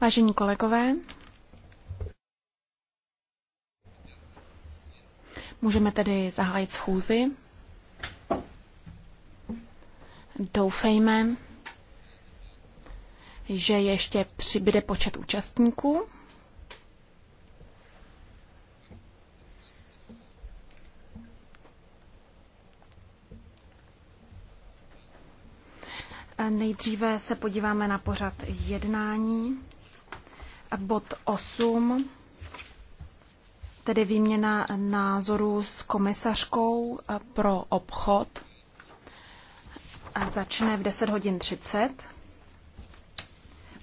Vážení kolegové, můžeme tedy zahájit schůzi. Doufejme, že ještě přibude počet účastníků. Nejdříve se podíváme na pořad jednání. Bod 8, tedy výměna názorů s komisařkou pro obchod, začne v 10 hodin 30.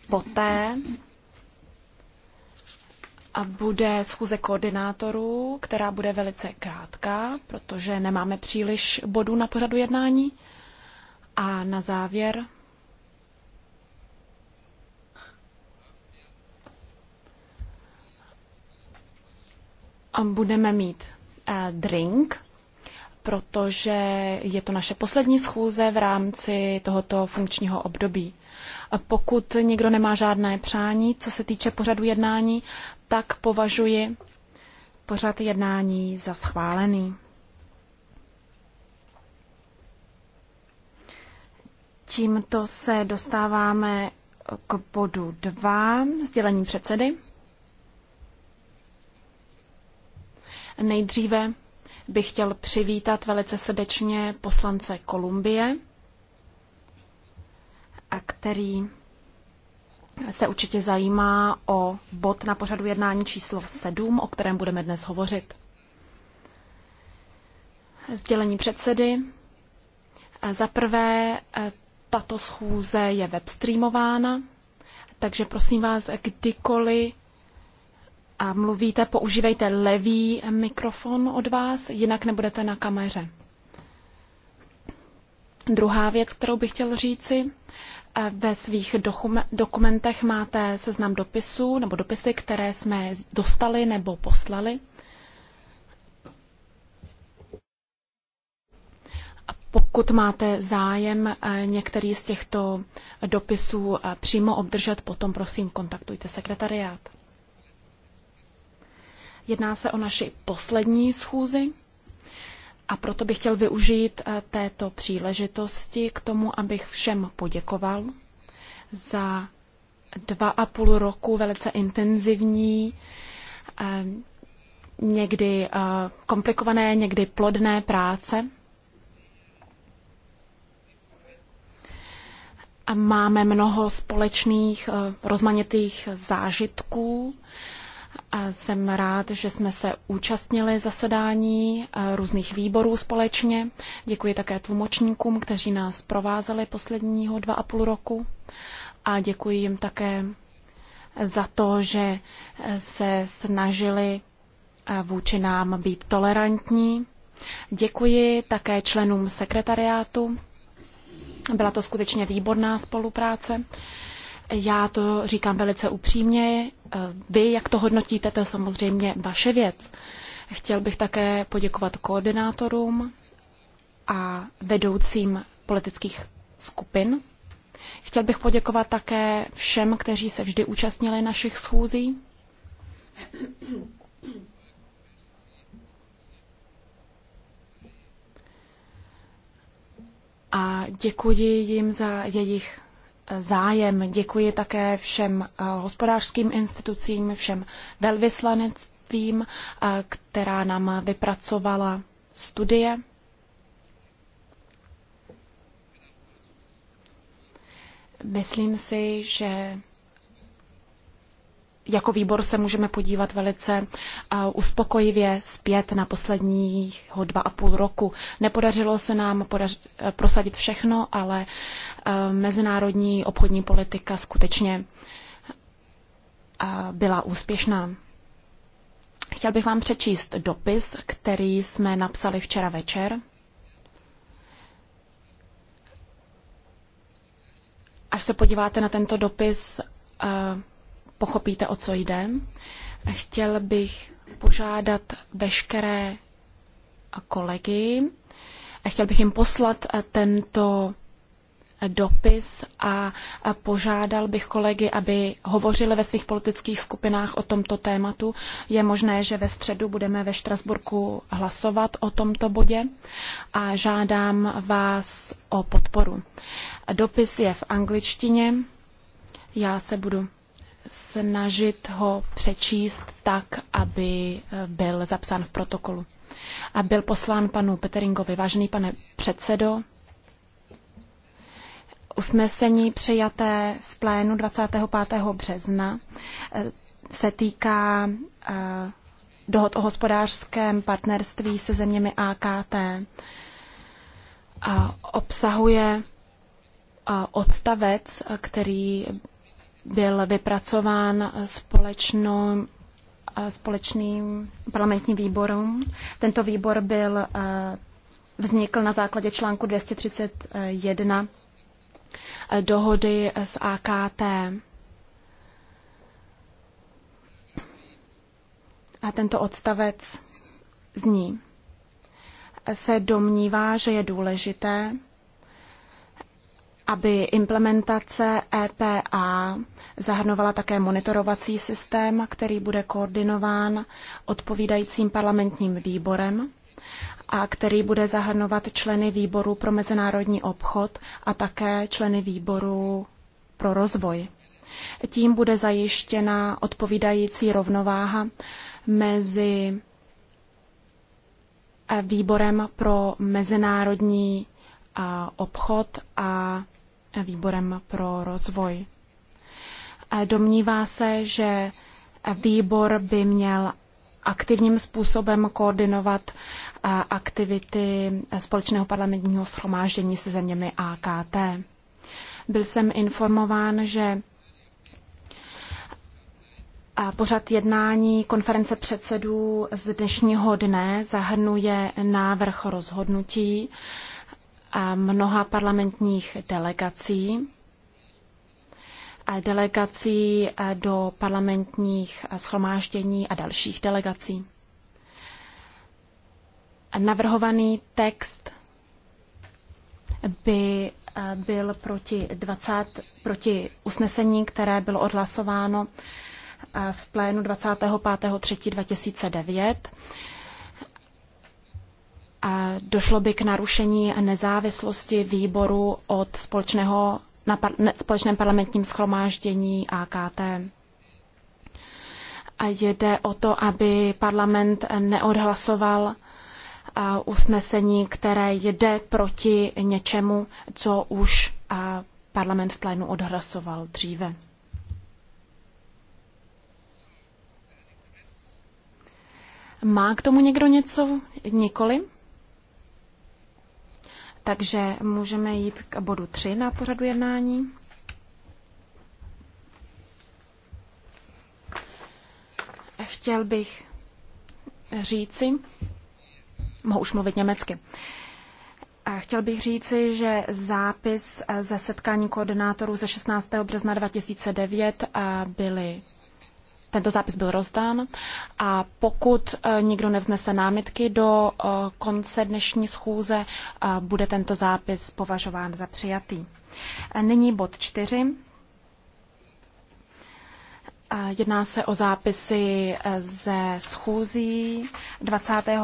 Poté a bude schůze koordinátorů, která bude velice krátká, protože nemáme příliš bodů na pořadu jednání. A na závěr A budeme mít eh, drink, protože je to naše poslední schůze v rámci tohoto funkčního období. Pokud někdo nemá žádné přání, co se týče pořadu jednání, tak považuji pořad jednání za schválený. Tímto se dostáváme k bodu 2, sdělení předsedy. Nejdříve bych chtěl přivítat velice srdečně poslance Kolumbie, a který se určitě zajímá o bod na pořadu jednání číslo 7, o kterém budeme dnes hovořit. Sdělení předsedy. Za prvé, tato schůze je webstreamována, takže prosím vás, kdykoliv a mluvíte, používejte levý mikrofon od vás, jinak nebudete na kameře. Druhá věc, kterou bych chtěl říci, eh, ve svých dokumentech máte seznam dopisů nebo dopisy, které jsme dostali nebo poslali. Pokud máte zájem eh, některý z těchto dopisů eh, přímo obdržet, potom prosím kontaktujte sekretariát. Jedná se o naši poslední schůzi a proto bych chtěl využít eh, této příležitosti k tomu, abych všem poděkoval za dva a půl roku velice intenzivní, eh, někdy eh, komplikované, někdy plodné práce. Máme mnoho společných rozmanitých zážitků. Jsem rád, že jsme se účastnili zasedání eh, různých výborů společně. Děkuji také tlumočníkům, kteří nás provázeli posledního dva a půl roku. A děkuji jim také za to, že eh, se snažili eh, vůči nám být tolerantní. Děkuji také členům sekretariátu. Byla to skutečně výborná spolupráce. Já to říkám velice upřímně. Eh, vy, jak to hodnotíte, to je samozřejmě vaše věc. Chtěl bych také poděkovat koordinátorům a vedoucím politických skupin. Chtěl bych poděkovat také všem, kteří se vždy účastnili našich schůzí. A děkuji jim za jejich zájem. Děkuji také všem eh, hospodářským institucím, všem velvyslanectvím, eh, která nám vypracovala studie. Myslím si, že jako výbor se můžeme podívat velice eh, uspokojivě zpět na posledního dva a půl roku. Nepodařilo se nám podař- eh, prosadit všechno, ale eh, mezinárodní obchodní politika skutečně byla úspěšná. Chtěl bych vám přečíst dopis, který jsme napsali včera večer. Až se podíváte na tento dopis, pochopíte, o co jde. Chtěl bych požádat veškeré kolegy, chtěl bych jim poslat tento dopis a požádal bych kolegy, aby hovořili ve svých politických skupinách o tomto tématu. Je možné, že ve středu budeme ve Štrasburku hlasovat o tomto bodě a žádám vás o podporu. Dopis je v angličtině. Já se budu snažit ho přečíst tak, aby eh, byl zapsán v protokolu. A byl poslán panu Peteringovi. Vážený pane předsedo, usnesení přijaté v plénu 25. března eh, se týká eh, dohod o hospodářském partnerství se zeměmi AKT. A obsahuje odstavec, který byl vypracován společným parlamentním výborům. Tento výbor byl, vznikl na základě článku 231 dohody s AKT. A tento odstavec zní. Se domnívá, že je důležité, aby implementace EPA zahrnovala také monitorovací systém, který bude koordinován odpovídajícím parlamentním výborem a který bude zahrnovat členy výboru pro mezinárodní obchod a také členy výboru pro rozvoj. Tím bude zajištěna odpovídající rovnováha mezi e, výborem pro mezinárodní obchod a výborem pro rozvoj. Domnívá se, že výbor by měl aktivním způsobem koordinovat aktivity společného parlamentního schromáždění se zeměmi AKT. Byl jsem informován, že pořad jednání konference předsedů z dnešního dne zahrnuje návrh rozhodnutí, a mnoha parlamentních delegací, delegací do parlamentních schromáždění a dalších delegací. Navrhovaný text by byl proti, 20, proti usnesení, které bylo odhlasováno v plénu 25.3.2009 došlo by k narušení nezávislosti výboru od společného, na par, ne, společném parlamentním schromáždění AKT. A jde o to, aby parlament neodhlasoval usnesení, které jde proti něčemu, co už parlament v plénu odhlasoval dříve. Má k tomu někdo něco? Nikoli? Takže můžeme jít k bodu 3 na pořadu jednání. Chtěl bych říci, mohu už mluvit německy, Chtěl bych říci, že zápis ze setkání koordinátorů ze 16. března 2009 byly tento zápis byl rozdán a pokud eh, nikdo nevznese námitky do eh, konce dnešní schůze, eh, bude tento zápis považován za přijatý. Nyní bod čtyři. Jedná se o zápisy ze schůzí 24.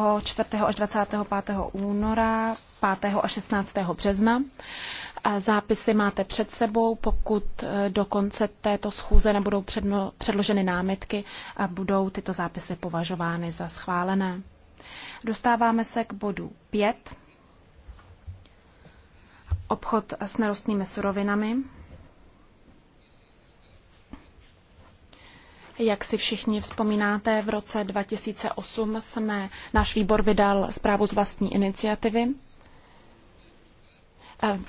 až 25. února, 5. až 16. března. Zápisy máte před sebou. Pokud e, do konce této schůze nebudou předno, předloženy námitky, budou tyto zápisy považovány za schválené. Dostáváme se k bodu 5. Obchod s nerostnými surovinami. Jak si všichni vzpomínáte, v roce 2008 jsme, náš výbor vydal zprávu z vlastní iniciativy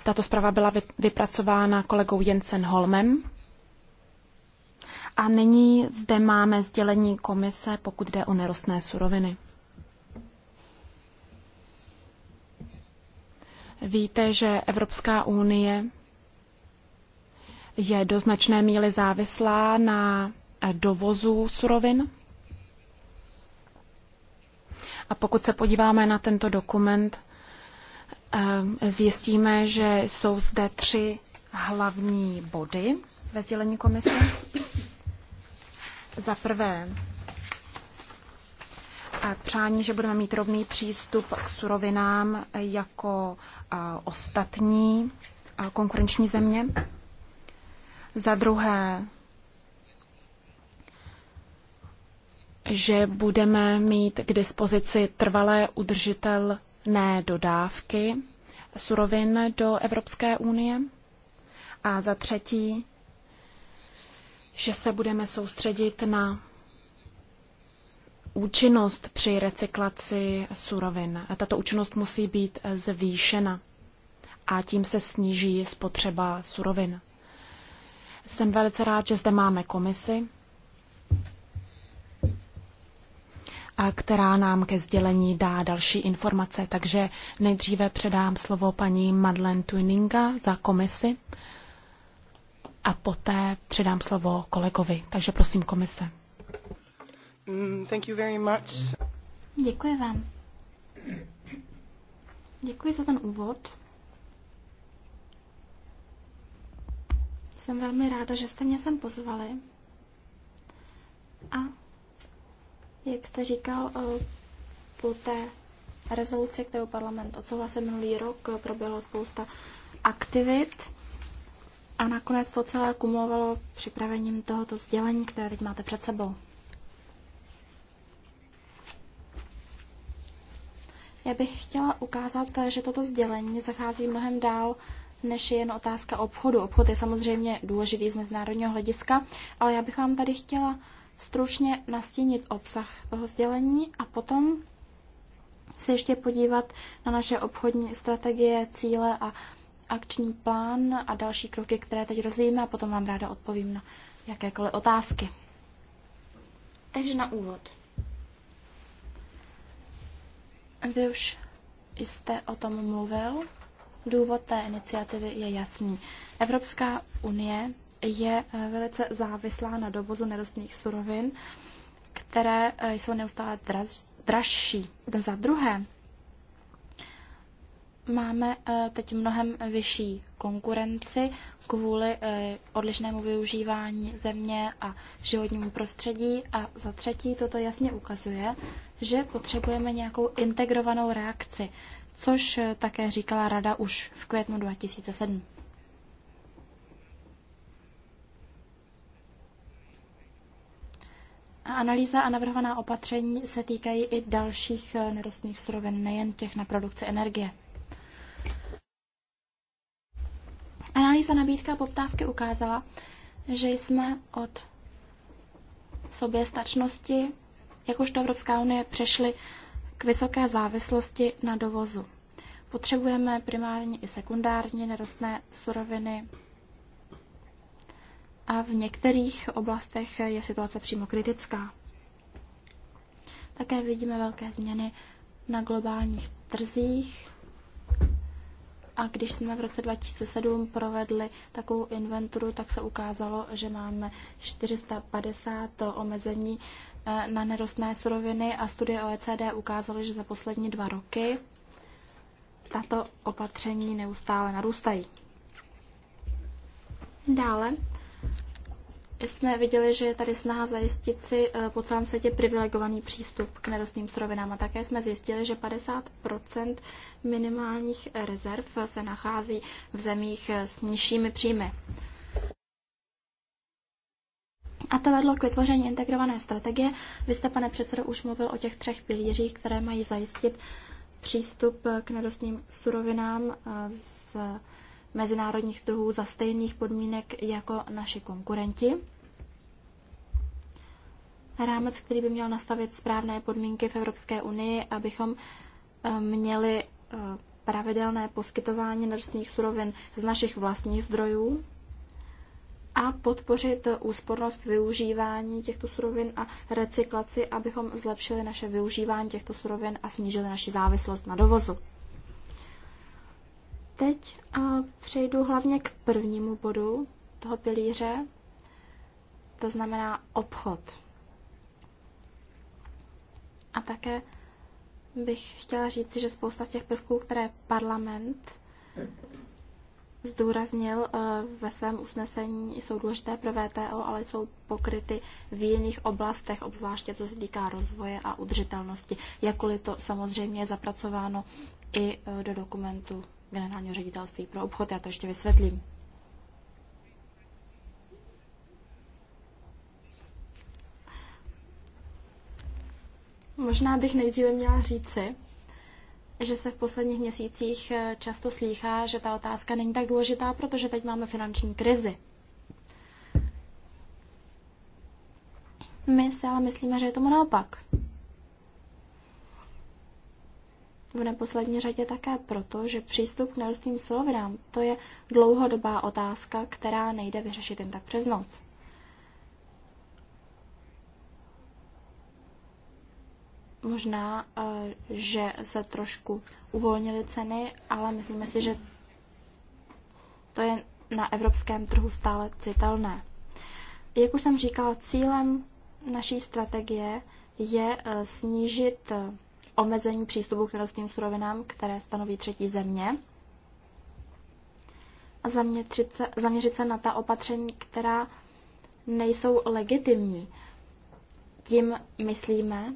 tato zpráva byla vypracována kolegou Jensen Holmem. A nyní zde máme sdělení komise, pokud jde o nerostné suroviny. Víte, že Evropská unie je do značné míry závislá na dovozu surovin. A pokud se podíváme na tento dokument, Ehm, zjistíme, že jsou zde tři hlavní body ve sdělení komise. Za prvé, přání, že budeme mít rovný přístup k surovinám jako ostatní konkurenční země. Za druhé, že budeme mít k dispozici trvalé udržitel ne dodávky surovin do Evropské unie. A za třetí, že se budeme soustředit na účinnost při recyklaci surovin. Tato účinnost musí být zvýšena a tím se sníží spotřeba surovin. Jsem velice rád, že zde máme komisi, a která nám ke sdělení dá další informace. Takže nejdříve předám slovo paní Madeleine Tuninga za komisi a poté předám slovo kolegovi. Takže prosím komise. Mm, thank you very much. Děkuji vám. Děkuji za ten úvod. Jsem velmi ráda, že jste mě sem pozvali. A jak jste říkal, eh, po té rezoluci, kterou parlament odsouhlasil minulý rok, eh, proběhlo spousta aktivit a nakonec to celé kumulovalo připravením tohoto sdělení, které teď máte před sebou. Já bych chtěla ukázat, eh, že toto sdělení zachází mnohem dál než je jen otázka obchodu. Obchod je samozřejmě důležitý z mezinárodního hlediska, ale já bych vám tady chtěla stručně nastínit obsah toho sdělení a potom se ještě podívat na naše obchodní strategie, cíle a akční plán a další kroky, které teď rozvíjíme a potom vám ráda odpovím na jakékoliv otázky. Takže na úvod. Vy už jste o tom mluvil. Důvod té iniciativy je jasný. Evropská unie je eh, velice závislá na dovozu nerostných surovin, které eh, jsou neustále draž, dražší. Za druhé, máme eh, teď mnohem vyšší konkurenci kvůli odlišnému využívání země a životnímu prostředí. A za třetí, toto jasně ukazuje, že potřebujeme nějakou integrovanou reakci, což také říkala Rada už v květnu 2007. Analýza a navrhovaná opatření se týkají i dalších eh, nerostných surovin, nejen těch na produkci energie. Analýza nabídka a poptávky ukázala, že jsme od soběstačnosti, jakožto Evropská unie, přešli k vysoké závislosti na dovozu. Potřebujeme primárně i sekundární nerostné suroviny, a v některých oblastech je situace přímo kritická. Také vidíme velké změny na globálních trzích. A když jsme v roce 2007 provedli takovou inventuru, tak se ukázalo, že máme 450 omezení eh, na nerostné suroviny a studie OECD ukázaly, že za poslední dva roky tato opatření neustále narůstají. Dále jsme viděli, že je tady snaha zajistit si eh, po celém světě privilegovaný přístup k nerostným surovinám a také jsme zjistili, že 50 minimálních rezerv se nachází v zemích eh, s nižšími příjmy. A to vedlo k vytvoření integrované strategie. Vy jste, pane předsedo, už mluvil o těch třech pilířích, které mají zajistit přístup eh, k nerostným surovinám z mezinárodních trhů za stejných podmínek jako naši konkurenti. Rámec, který by měl nastavit správné podmínky v Evropské unii, abychom eh, měli eh, pravidelné poskytování nerostných surovin z našich vlastních zdrojů a podpořit úspornost využívání těchto surovin a recyklaci, abychom zlepšili naše využívání těchto surovin a snížili naši závislost na dovozu. Teď přejdu hlavně k prvnímu bodu toho pilíře, to znamená obchod. A také bych chtěla říct, že spousta těch prvků, které parlament zdůraznil eh, ve svém usnesení, jsou důležité pro VTO, ale jsou pokryty v jiných oblastech, obzvláště co se týká rozvoje a udržitelnosti, jakkoliv to samozřejmě je zapracováno i eh, do dokumentu generálního ředitelství pro obchod. Já to ještě vysvětlím. Možná bych nejdříve měla říci, že se v posledních měsících eh, často slýchá, že ta otázka není tak důležitá, protože teď máme finanční krizi. My si ale myslíme, že je tomu naopak. v neposlední řadě také proto, že přístup k nerostným slovinám to je dlouhodobá otázka, která nejde vyřešit jen tak přes noc. Možná, eh, že se trošku uvolnily ceny, ale myslíme si, že to je na evropském trhu stále citelné. Jak už jsem říkala, cílem naší strategie je eh, snížit eh, omezení přístupu k nerostným surovinám, které stanoví třetí země. A zaměřit se, zaměřit se na ta opatření, která nejsou legitimní. Tím myslíme,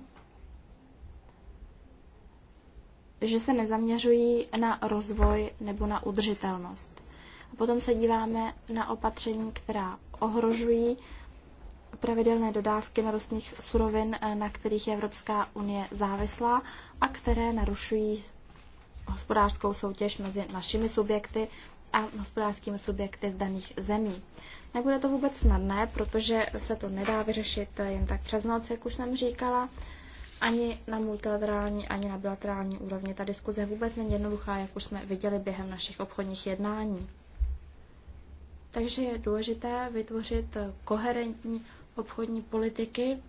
že se nezaměřují na rozvoj nebo na udržitelnost. A potom se díváme na opatření, která ohrožují pravidelné dodávky nerostných surovin, eh, na kterých je Evropská unie závislá a které narušují hospodářskou soutěž mezi našimi subjekty a hospodářskými subjekty z daných zemí. Nebude to vůbec snadné, protože se to nedá vyřešit eh, jen tak přes noc, jak už jsem říkala. Ani na multilaterální, ani na bilaterální úrovni ta diskuze vůbec není jednoduchá, jak už jsme viděli během našich obchodních jednání. Takže je důležité vytvořit eh, koherentní obchodní politiky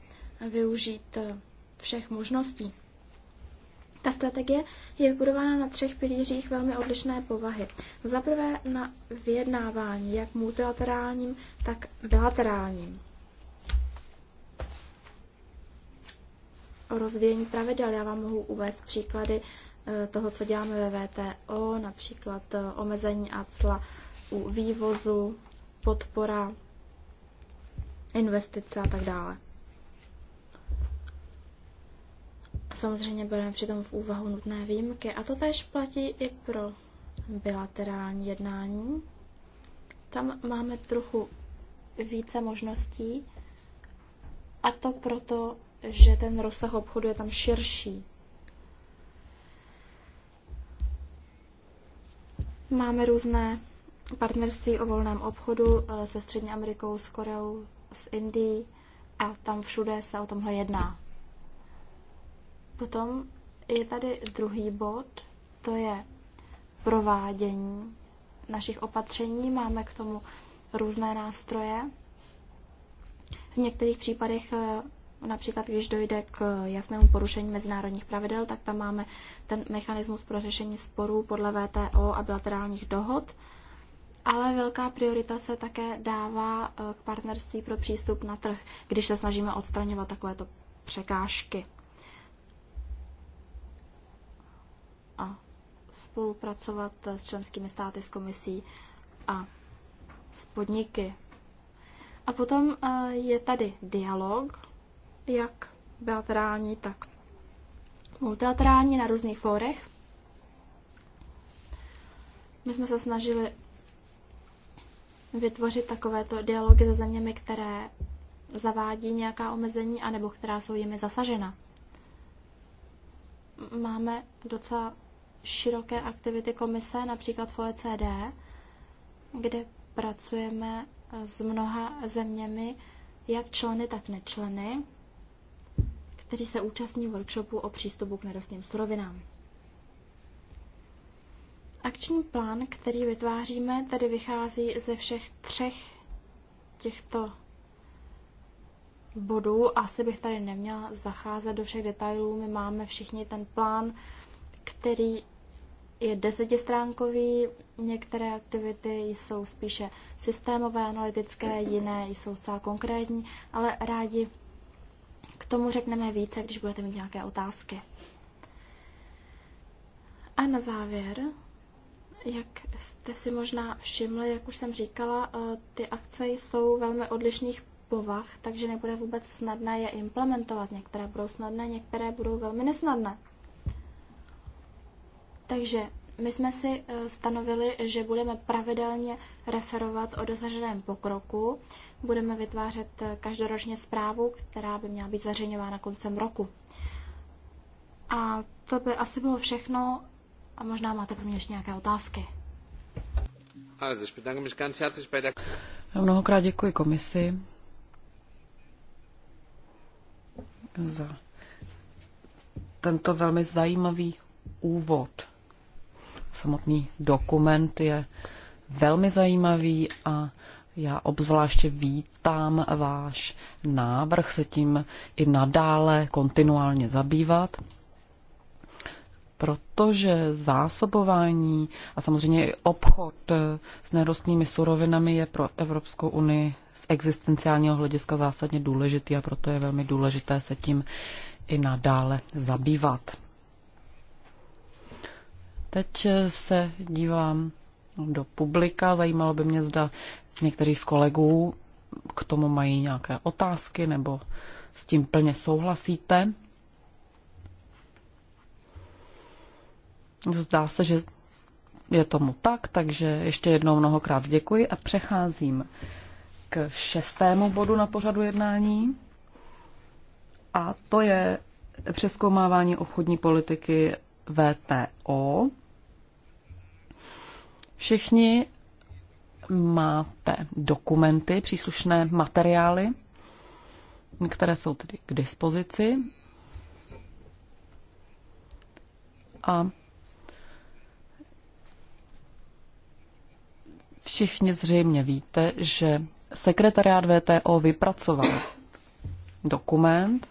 využít eh, všech možností. Ta strategie je vybudována na třech pilířích velmi odlišné povahy. Za prvé na vyjednávání, jak multilaterálním, tak bilaterálním. O rozvíjení pravidel já vám mohu uvést příklady eh, toho, co děláme ve VTO, například eh, omezení a cla u vývozu, podpora investice a tak dále. Samozřejmě bereme přitom v úvahu nutné výjimky a to též platí i pro bilaterální jednání. Tam máme trochu více možností a to proto, že ten rozsah obchodu je tam širší. Máme různé partnerství o volném obchodu eh, se Střední Amerikou, s Koreou, z Indii a tam všude se o tomhle jedná. Potom je tady druhý bod, to je provádění našich opatření. Máme k tomu různé nástroje. V některých případech, eh, například když dojde k jasnému porušení mezinárodních pravidel, tak tam máme ten mechanismus pro řešení sporů podle VTO a bilaterálních dohod ale velká priorita se také dává eh, k partnerství pro přístup na trh, když se snažíme odstraňovat takovéto překážky. A spolupracovat s členskými státy, s komisí a s podniky. A potom eh, je tady dialog, jak bilaterální, tak multilaterální na různých fórech. My jsme se snažili vytvořit takovéto dialogy se zeměmi, které zavádí nějaká omezení, anebo která jsou jimi zasažena. Máme docela široké aktivity komise, například v OECD, kde pracujeme s mnoha zeměmi, jak členy, tak nečleny, kteří se účastní workshopu o přístupu k nerostným surovinám. Akční plán, který vytváříme, tedy vychází ze všech třech těchto bodů. Asi bych tady neměla zacházet do všech detailů. My máme všichni ten plán, který je desetistránkový, některé aktivity jsou spíše systémové, analytické, jiné jsou celá konkrétní, ale rádi k tomu řekneme více, když budete mít nějaké otázky. A na závěr jak jste si možná všimli, jak už jsem říkala, eh, ty akce jsou velmi odlišných povah, takže nebude vůbec snadné je implementovat. Některé budou snadné, některé budou velmi nesnadné. Takže my jsme si eh, stanovili, že budeme pravidelně referovat o dosaženém pokroku. Budeme vytvářet eh, každoročně zprávu, která by měla být zveřejňována koncem roku. A to by asi bylo všechno a možná máte pro mě ještě nějaké otázky. Mnohokrát děkuji komisi za tento velmi zajímavý úvod. Samotný dokument je velmi zajímavý a já obzvláště vítám váš návrh se tím i nadále kontinuálně zabývat protože zásobování a samozřejmě i obchod eh, s nerostnými surovinami je pro Evropskou unii z existenciálního hlediska zásadně důležitý a proto je velmi důležité se tím i nadále zabývat. Teď eh, se dívám do publika. Zajímalo by mě, zda někteří z kolegů k tomu mají nějaké otázky nebo s tím plně souhlasíte. Zdá se, že je tomu tak, takže ještě jednou mnohokrát děkuji a přecházím k šestému bodu na pořadu jednání. A to je přeskoumávání obchodní politiky VTO. Všichni máte dokumenty, příslušné materiály, které jsou tedy k dispozici. A Všichni zřejmě víte, že sekretariát VTO vypracoval dokument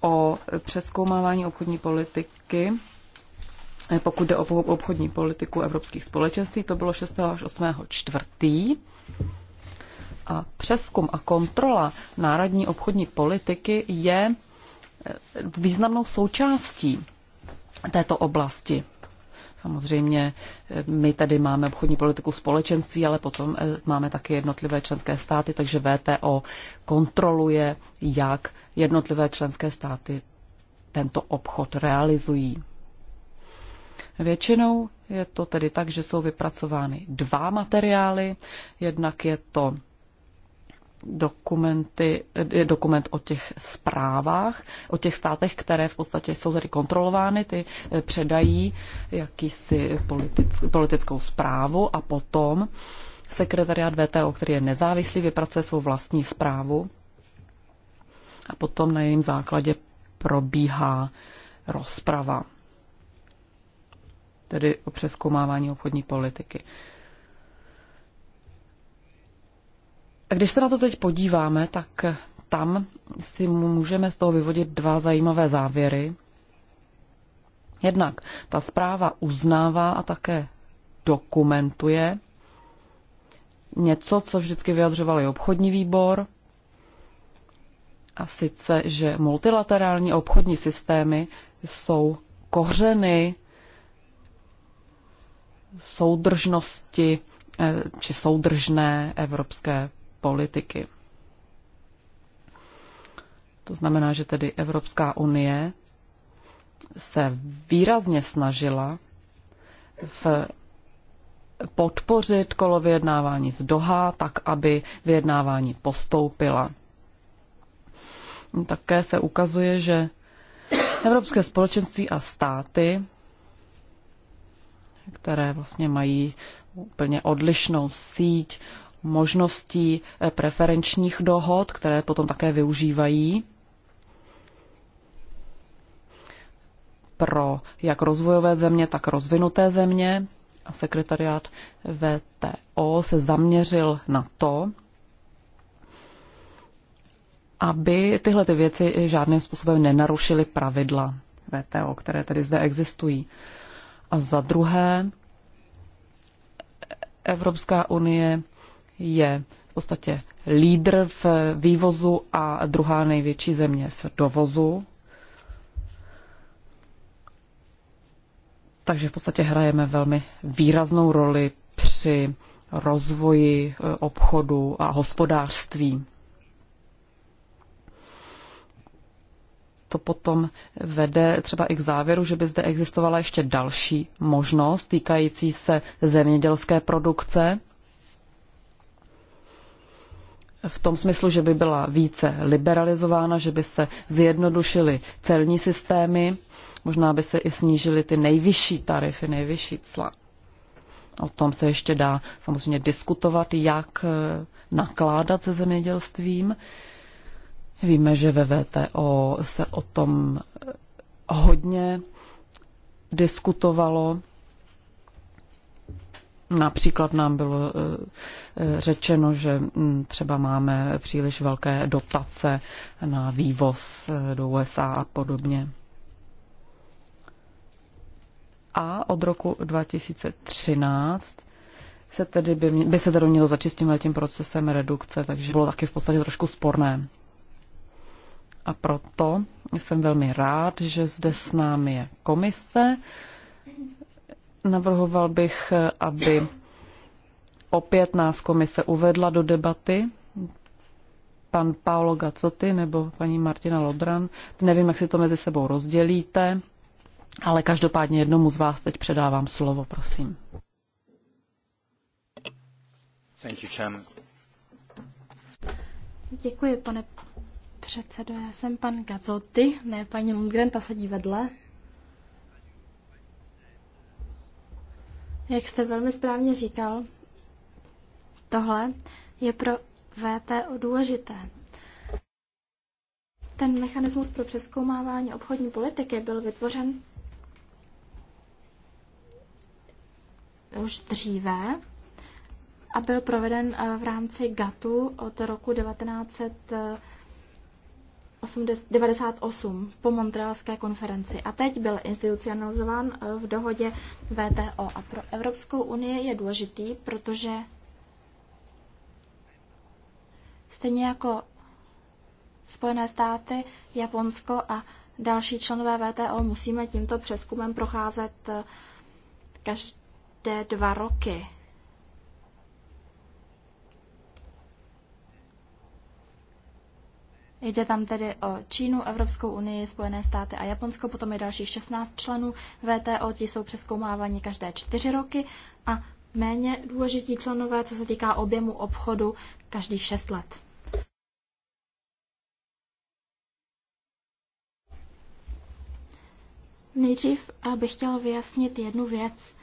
o přeskoumávání obchodní politiky, eh, pokud jde o obchodní politiku evropských společenství, to bylo 6. až 8. čtvrtý. A přeskum a kontrola národní obchodní politiky je eh, významnou součástí této oblasti. Samozřejmě eh, my tady máme obchodní politiku společenství, ale potom eh, máme také jednotlivé členské státy, takže VTO kontroluje, jak jednotlivé členské státy tento obchod realizují. Většinou je to tedy tak, že jsou vypracovány dva materiály. Jednak je to dokumenty, je dokument o těch zprávách, o těch státech, které v podstatě jsou tedy kontrolovány, ty eh, předají jakýsi politickou, politickou zprávu a potom sekretariát VTO, který je nezávislý, vypracuje svou vlastní zprávu a potom na jejím základě probíhá rozprava, tedy o přeskoumávání obchodní politiky. Když se na to teď podíváme, tak tam si můžeme z toho vyvodit dva zajímavé závěry. Jednak ta zpráva uznává a také dokumentuje něco, co vždycky vyjadřoval i obchodní výbor, a sice, že multilaterální obchodní systémy jsou kořeny soudržnosti eh, či soudržné evropské politiky. To znamená, že tedy Evropská unie se výrazně snažila v podpořit kolo vyjednávání z Doha, tak aby vyjednávání postoupila. Také se ukazuje, že Evropské společenství a státy, které vlastně mají úplně odlišnou síť možností eh, preferenčních dohod, které potom také využívají pro jak rozvojové země, tak rozvinuté země. A sekretariát VTO se zaměřil na to, aby tyhle ty věci žádným způsobem nenarušily pravidla VTO, které tedy zde existují. A za druhé, Evropská unie je v podstatě lídr v vývozu a druhá největší země v dovozu. Takže v podstatě hrajeme velmi výraznou roli při rozvoji e, obchodu a hospodářství. To potom vede třeba i k závěru, že by zde existovala ještě další možnost týkající se zemědělské produkce, v tom smyslu, že by byla více liberalizována, že by se zjednodušily celní systémy, možná by se i snížily ty nejvyšší tarify, nejvyšší cla. O tom se ještě dá samozřejmě diskutovat, jak eh, nakládat se zemědělstvím. Víme, že ve VTO se o tom eh, hodně diskutovalo. Například nám bylo eh, eh, řečeno, že hm, třeba máme příliš velké dotace na vývoz eh, do USA a podobně. A od roku 2013 se tedy by, mě, by se tedy mělo začít s tím procesem redukce, takže bylo taky v podstatě trošku sporné. A proto jsem velmi rád, že zde s námi je komise Navrhoval bych, aby opět nás komise uvedla do debaty. Pan Paolo Gacoty nebo paní Martina Lodran. Nevím, jak si to mezi sebou rozdělíte, ale každopádně jednomu z vás teď předávám slovo, prosím. Thank you, Děkuji, pane předsedo. Já jsem pan Gazoty, ne paní Lundgren, ta sedí vedle. Jak jste velmi správně říkal, tohle je pro VTO důležité. Ten mechanismus pro přeskoumávání obchodní politiky byl vytvořen už dříve a byl proveden eh, v rámci GATU od roku 1900 98 po Montrealské konferenci a teď byl institucionalizován eh, v dohodě VTO. A pro Evropskou unii je důležitý, protože stejně jako Spojené státy, Japonsko a další členové VTO musíme tímto přeskumem procházet eh, každé dva roky. Jde tam tedy o Čínu, Evropskou unii, Spojené státy a Japonsko, potom je dalších 16 členů VTO, ti jsou přeskoumáváni každé čtyři roky a méně důležití členové, co se týká objemu obchodu, každých 6 let. Nejdřív bych chtěl vyjasnit jednu věc.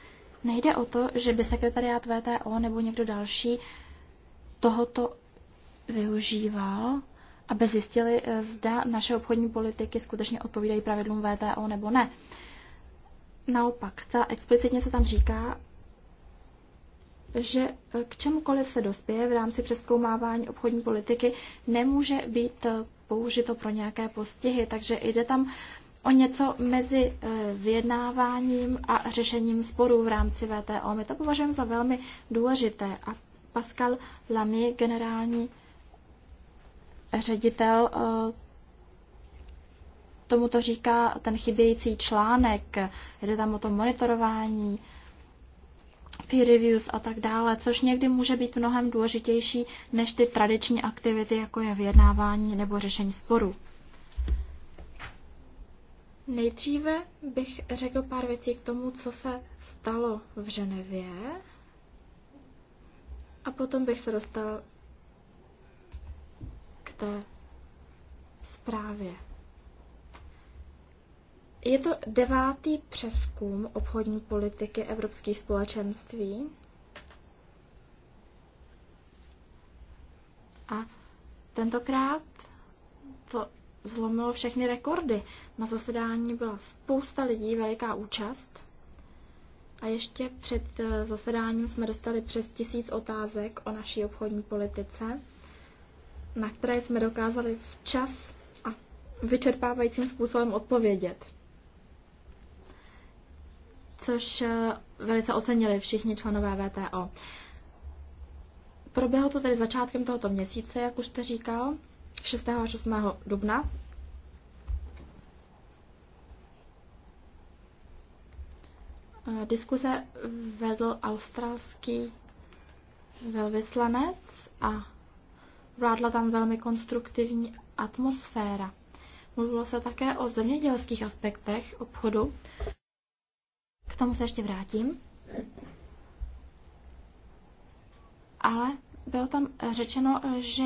Nejde o to, že by sekretariát VTO nebo někdo další tohoto využíval aby zjistili, eh, zda naše obchodní politiky skutečně odpovídají pravidlům VTO nebo ne. Naopak, ta explicitně se tam říká, že eh, k čemukoliv se dospěje v rámci přeskoumávání obchodní politiky, nemůže být eh, použito pro nějaké postihy. Takže jde tam o něco mezi vyjednáváním a řešením sporů v rámci VTO. My to považujeme za velmi důležité a Pascal Lamy, generální ředitel eh, tomu to říká ten chybějící článek, jde tam o to monitorování, peer reviews a tak dále, což někdy může být mnohem důležitější než ty tradiční aktivity, jako je vyjednávání nebo řešení sporů. Nejdříve bych řekl pár věcí k tomu, co se stalo v Ženevě a potom bych se dostal té zprávě. Je to devátý přeskum obchodní politiky evropských společenství. A tentokrát to zlomilo všechny rekordy. Na zasedání byla spousta lidí, veliká účast. A ještě před eh, zasedáním jsme dostali přes tisíc otázek o naší obchodní politice na které jsme dokázali včas a vyčerpávajícím způsobem odpovědět. Což eh, velice ocenili všichni členové VTO. Proběhlo to tedy začátkem tohoto měsíce, jak už jste říkal, 6. až 8. dubna. Eh, diskuze vedl australský velvyslanec a Vládla tam velmi konstruktivní atmosféra. Mluvilo se také o zemědělských aspektech obchodu. K tomu se ještě vrátím. Ale bylo tam řečeno, že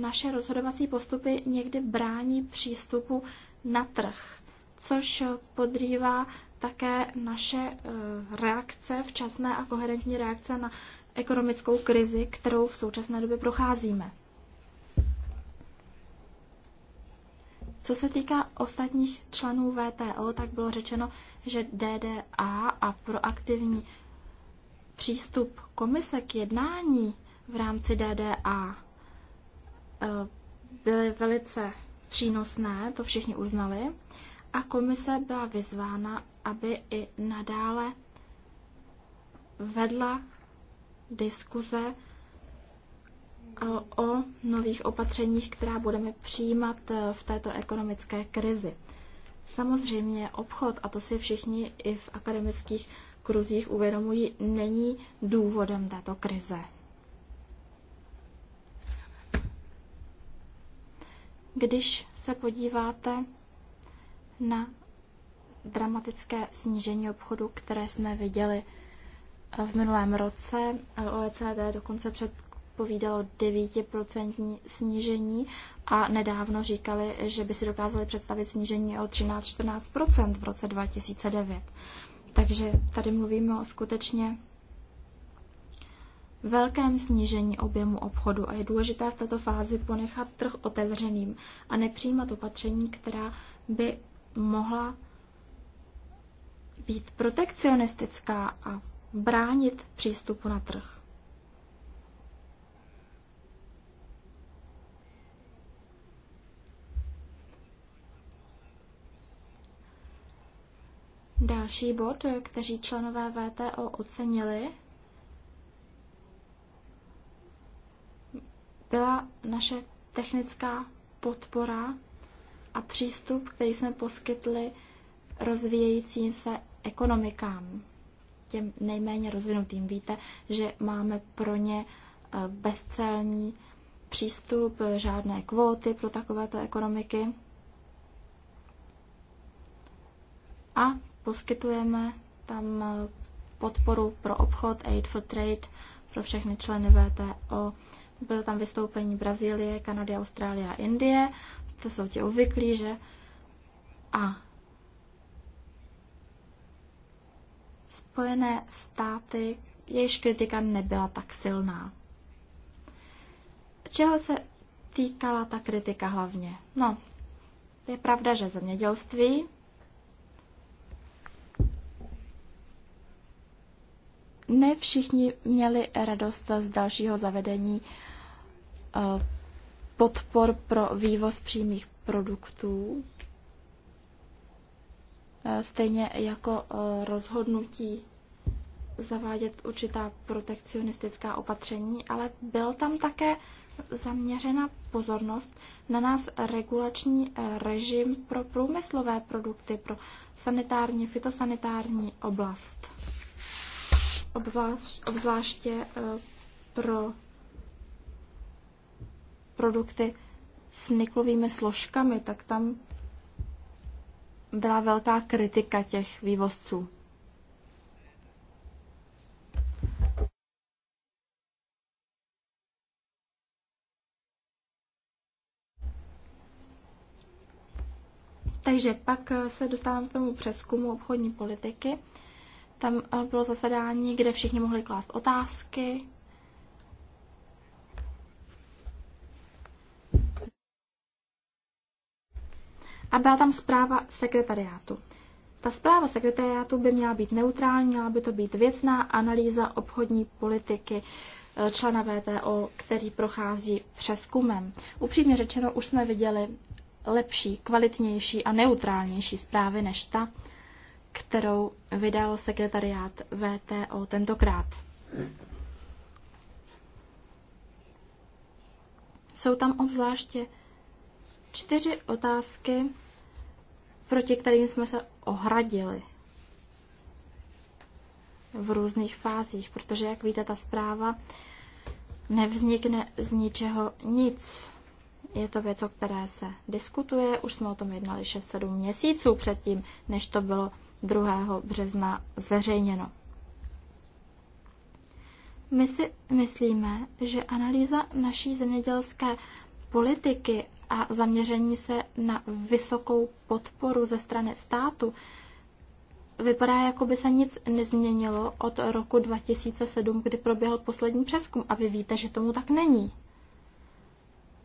naše rozhodovací postupy někdy brání přístupu na trh, což podrývá také naše eh, reakce, včasné a koherentní reakce na ekonomickou krizi, kterou v současné době procházíme. Co se týká ostatních členů VTO, tak bylo řečeno, že DDA a proaktivní přístup komise k jednání v rámci DDA eh, byly velice přínosné, to všichni uznali, a komise byla vyzvána, aby i nadále vedla diskuze o nových opatřeních, která budeme přijímat eh, v této ekonomické krizi. Samozřejmě obchod, a to si všichni i v akademických kruzích uvědomují, není důvodem této krize. Když se podíváte na dramatické snížení obchodu, které jsme viděli v minulém roce OECD dokonce předpovídalo 9% snížení a nedávno říkali, že by si dokázali představit snížení o 13-14% v roce 2009. Takže tady mluvíme o skutečně velkém snížení objemu obchodu a je důležité v této fázi ponechat trh otevřeným a nepřijímat opatření, která by mohla být protekcionistická a bránit přístupu na trh. Další bod, který členové VTO ocenili, byla naše technická podpora a přístup, který jsme poskytli rozvíjejícím se ekonomikám těm nejméně rozvinutým. Víte, že máme pro ně eh, bezcelní přístup, eh, žádné kvóty pro takovéto ekonomiky. A poskytujeme tam eh, podporu pro obchod, aid for trade, pro všechny členy VTO. Bylo tam vystoupení Brazílie, Kanady, Austrálie a Indie. To jsou ti obvyklí, že? A Spojené státy, jejíž kritika nebyla tak silná. Čeho se týkala ta kritika hlavně? No, je pravda, že zemědělství ne všichni měli radost z dalšího zavedení eh, podpor pro vývoz přímých produktů. Eh, stejně jako eh, rozhodnutí zavádět určitá protekcionistická opatření, ale byl tam také zaměřena pozornost na nás regulační eh, režim pro průmyslové produkty, pro sanitární, fitosanitární oblast. Obvlášť, obzvláště pro produkty s niklovými složkami, tak tam byla velká kritika těch vývozců. Takže pak eh, se dostávám k tomu přeskumu obchodní politiky. Tam eh, bylo zasedání, kde všichni mohli klást otázky. a byla tam zpráva sekretariátu. Ta zpráva sekretariátu by měla být neutrální, měla by to být věcná analýza obchodní politiky eh, člena VTO, který prochází přeskumem. Upřímně řečeno, už jsme viděli lepší, kvalitnější a neutrálnější zprávy než ta, kterou vydal sekretariát VTO tentokrát. Jsou tam obzvláště čtyři otázky, proti kterým jsme se ohradili v různých fázích, protože, jak víte, ta zpráva nevznikne z ničeho nic. Je to věc, o které se diskutuje. Už jsme o tom jednali 6-7 měsíců předtím, než to bylo 2. března zveřejněno. My si myslíme, že analýza naší zemědělské politiky a zaměření se na vysokou podporu ze strany státu, vypadá, jako by se nic nezměnilo od roku 2007, kdy proběhl poslední přeskum. A vy víte, že tomu tak není.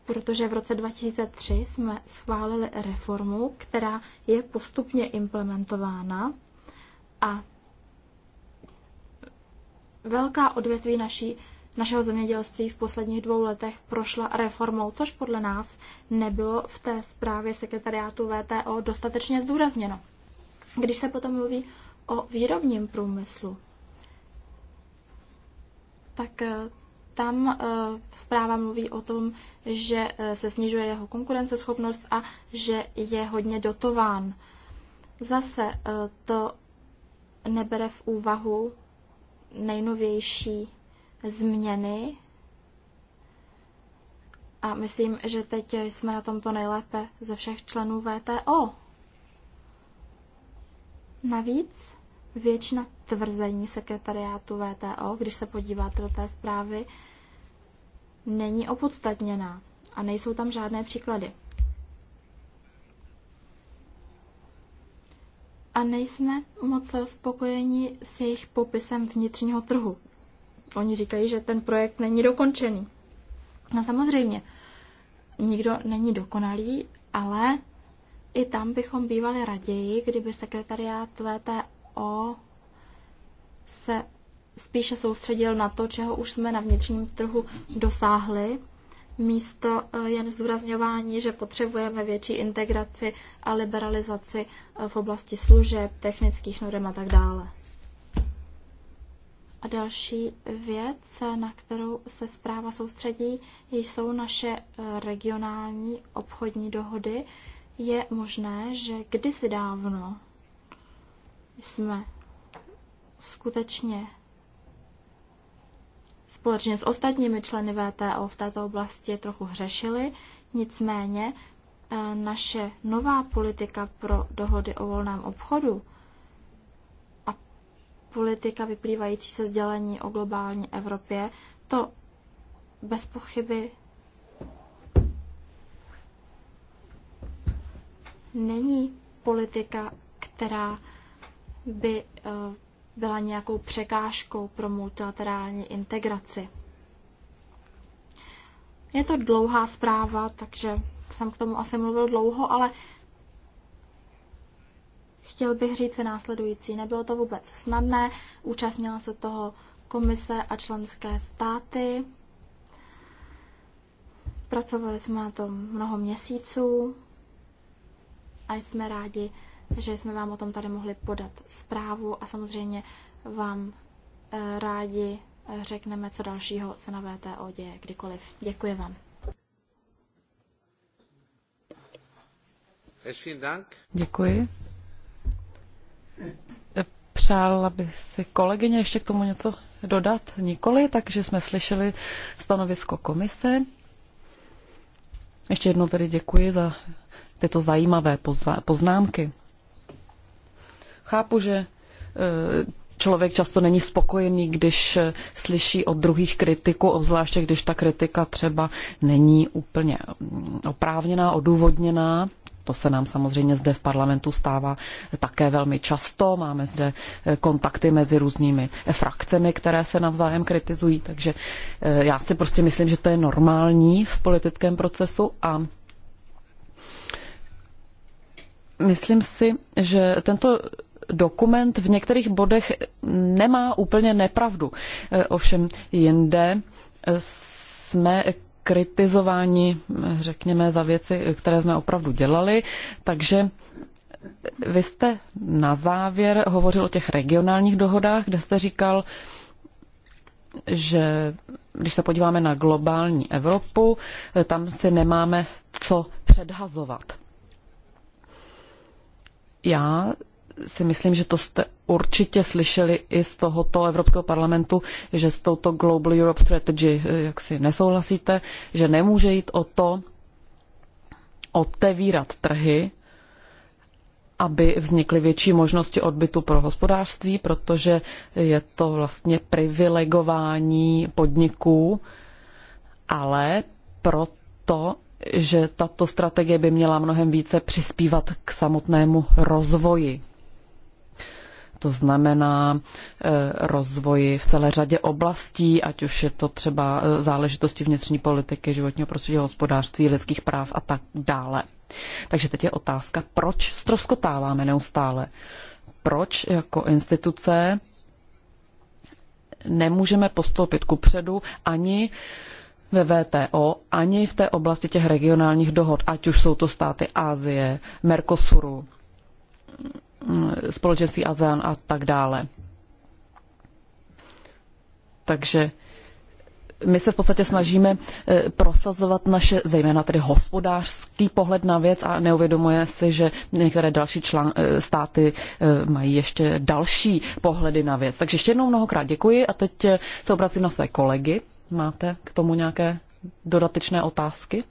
Protože v roce 2003 jsme schválili reformu, která je postupně implementována a velká odvětví naší našeho zemědělství v posledních dvou letech prošla reformou, což podle nás nebylo v té zprávě sekretariátu VTO dostatečně zdůrazněno. Když se potom mluví o výrobním průmyslu, tak eh, tam eh, zpráva mluví o tom, že eh, se snižuje jeho konkurenceschopnost a že je hodně dotován. Zase to nebere v úvahu nejnovější změny a myslím, že teď jsme na tomto nejlépe ze všech členů VTO. Navíc většina tvrzení sekretariátu VTO, když se podíváte do té zprávy, není opodstatněná a nejsou tam žádné příklady. A nejsme moc spokojeni s jejich popisem vnitřního trhu. Oni říkají, že ten projekt není dokončený. No samozřejmě, nikdo není dokonalý, ale i tam bychom bývali raději, kdyby sekretariát VTO se spíše soustředil na to, čeho už jsme na vnitřním trhu dosáhli, místo eh, jen zdůrazňování, že potřebujeme větší integraci a liberalizaci eh, v oblasti služeb, technických norm a tak dále další věc, na kterou se zpráva soustředí, jsou naše eh, regionální obchodní dohody. Je možné, že kdysi dávno jsme skutečně společně s ostatními členy VTO v této oblasti trochu hřešili, nicméně eh, naše nová politika pro dohody o volném obchodu politika vyplývající se sdělení o globální Evropě, to bez pochyby není politika, která by eh, byla nějakou překážkou pro multilaterální integraci. Je to dlouhá zpráva, takže jsem k tomu asi mluvil dlouho, ale Chtěl bych říct následující. Nebylo to vůbec snadné, účastnila se toho komise a členské státy. Pracovali jsme na tom mnoho měsíců a jsme rádi, že jsme vám o tom tady mohli podat zprávu a samozřejmě vám eh, rádi eh, řekneme, co dalšího se na VTO děje kdykoliv. Děkuji vám. Děkuji přál, by si kolegyně ještě k tomu něco dodat? Nikoli, takže jsme slyšeli stanovisko komise. Ještě jednou tedy děkuji za tyto zajímavé poznámky. Chápu, že eh, člověk často není spokojený, když eh, slyší od druhých kritiku, obzvláště když ta kritika třeba není úplně mm, oprávněná, odůvodněná. To se nám samozřejmě zde v parlamentu stává také velmi často. Máme zde eh, kontakty mezi různými eh, frakcemi, které se navzájem kritizují, takže eh, já si prostě myslím, že to je normální v politickém procesu a myslím si, že tento dokument v některých bodech nemá úplně nepravdu. Ovšem jinde jsme kritizováni, řekněme, za věci, které jsme opravdu dělali. Takže vy jste na závěr hovořil o těch regionálních dohodách, kde jste říkal, že když se podíváme na globální Evropu, tam si nemáme co předhazovat. Já si myslím, že to jste určitě slyšeli i z tohoto Evropského parlamentu, že s touto Global Europe Strategy eh, jaksi nesouhlasíte, že nemůže jít o to otevírat trhy, aby vznikly větší možnosti odbytu pro hospodářství, protože je to vlastně privilegování podniků, ale proto, že tato strategie by měla mnohem více přispívat k samotnému rozvoji to znamená eh, rozvoji v celé řadě oblastí, ať už je to třeba eh, záležitosti vnitřní politiky, životního prostředí, hospodářství, lidských práv a tak dále. Takže teď je otázka, proč stroskotáváme neustále? Proč jako instituce nemůžeme postoupit kupředu ani ve VTO, ani v té oblasti těch regionálních dohod, ať už jsou to státy Asie, Mercosuru, Eh, společenství ASEAN a tak dále. Takže my se v podstatě snažíme eh, prosazovat naše, zejména tedy hospodářský pohled na věc a neuvědomuje si, že některé další člán, eh, státy mají ještě další pohledy na věc. Takže ještě jednou mnohokrát děkuji a teď se obracím na své kolegy. Máte k tomu nějaké dodatečné otázky?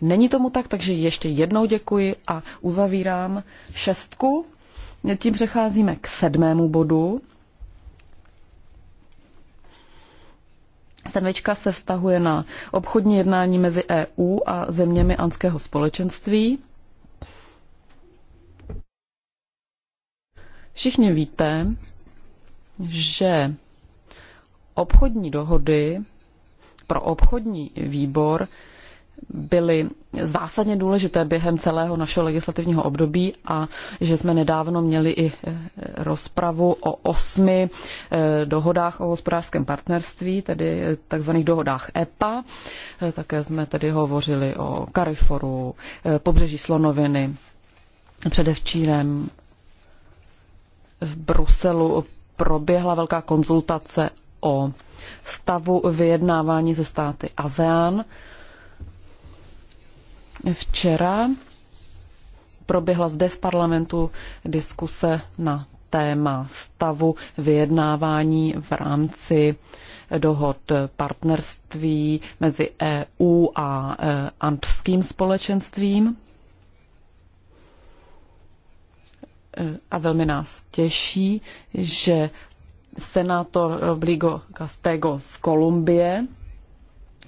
Není tomu tak, takže ještě jednou děkuji a uzavírám šestku. Tím přecházíme k sedmému bodu. Sedmička se vztahuje na obchodní jednání mezi EU a zeměmi anského společenství. Všichni víte, že obchodní dohody pro obchodní výbor byly zásadně důležité během celého našeho legislativního období a že jsme nedávno měli i eh, rozpravu o osmi eh, dohodách o hospodářském partnerství, tedy eh, takzvaných dohodách EPA. Také jsme tedy hovořili o Kariforu, pobřeží Slonoviny, předevčírem v Bruselu proběhla velká konzultace o stavu vyjednávání ze státy ASEAN Včera proběhla zde v parlamentu diskuse na téma stavu vyjednávání v rámci dohod partnerství mezi EU a e, antským společenstvím. E, a velmi nás těší, že senátor Obligo Castego z Kolumbie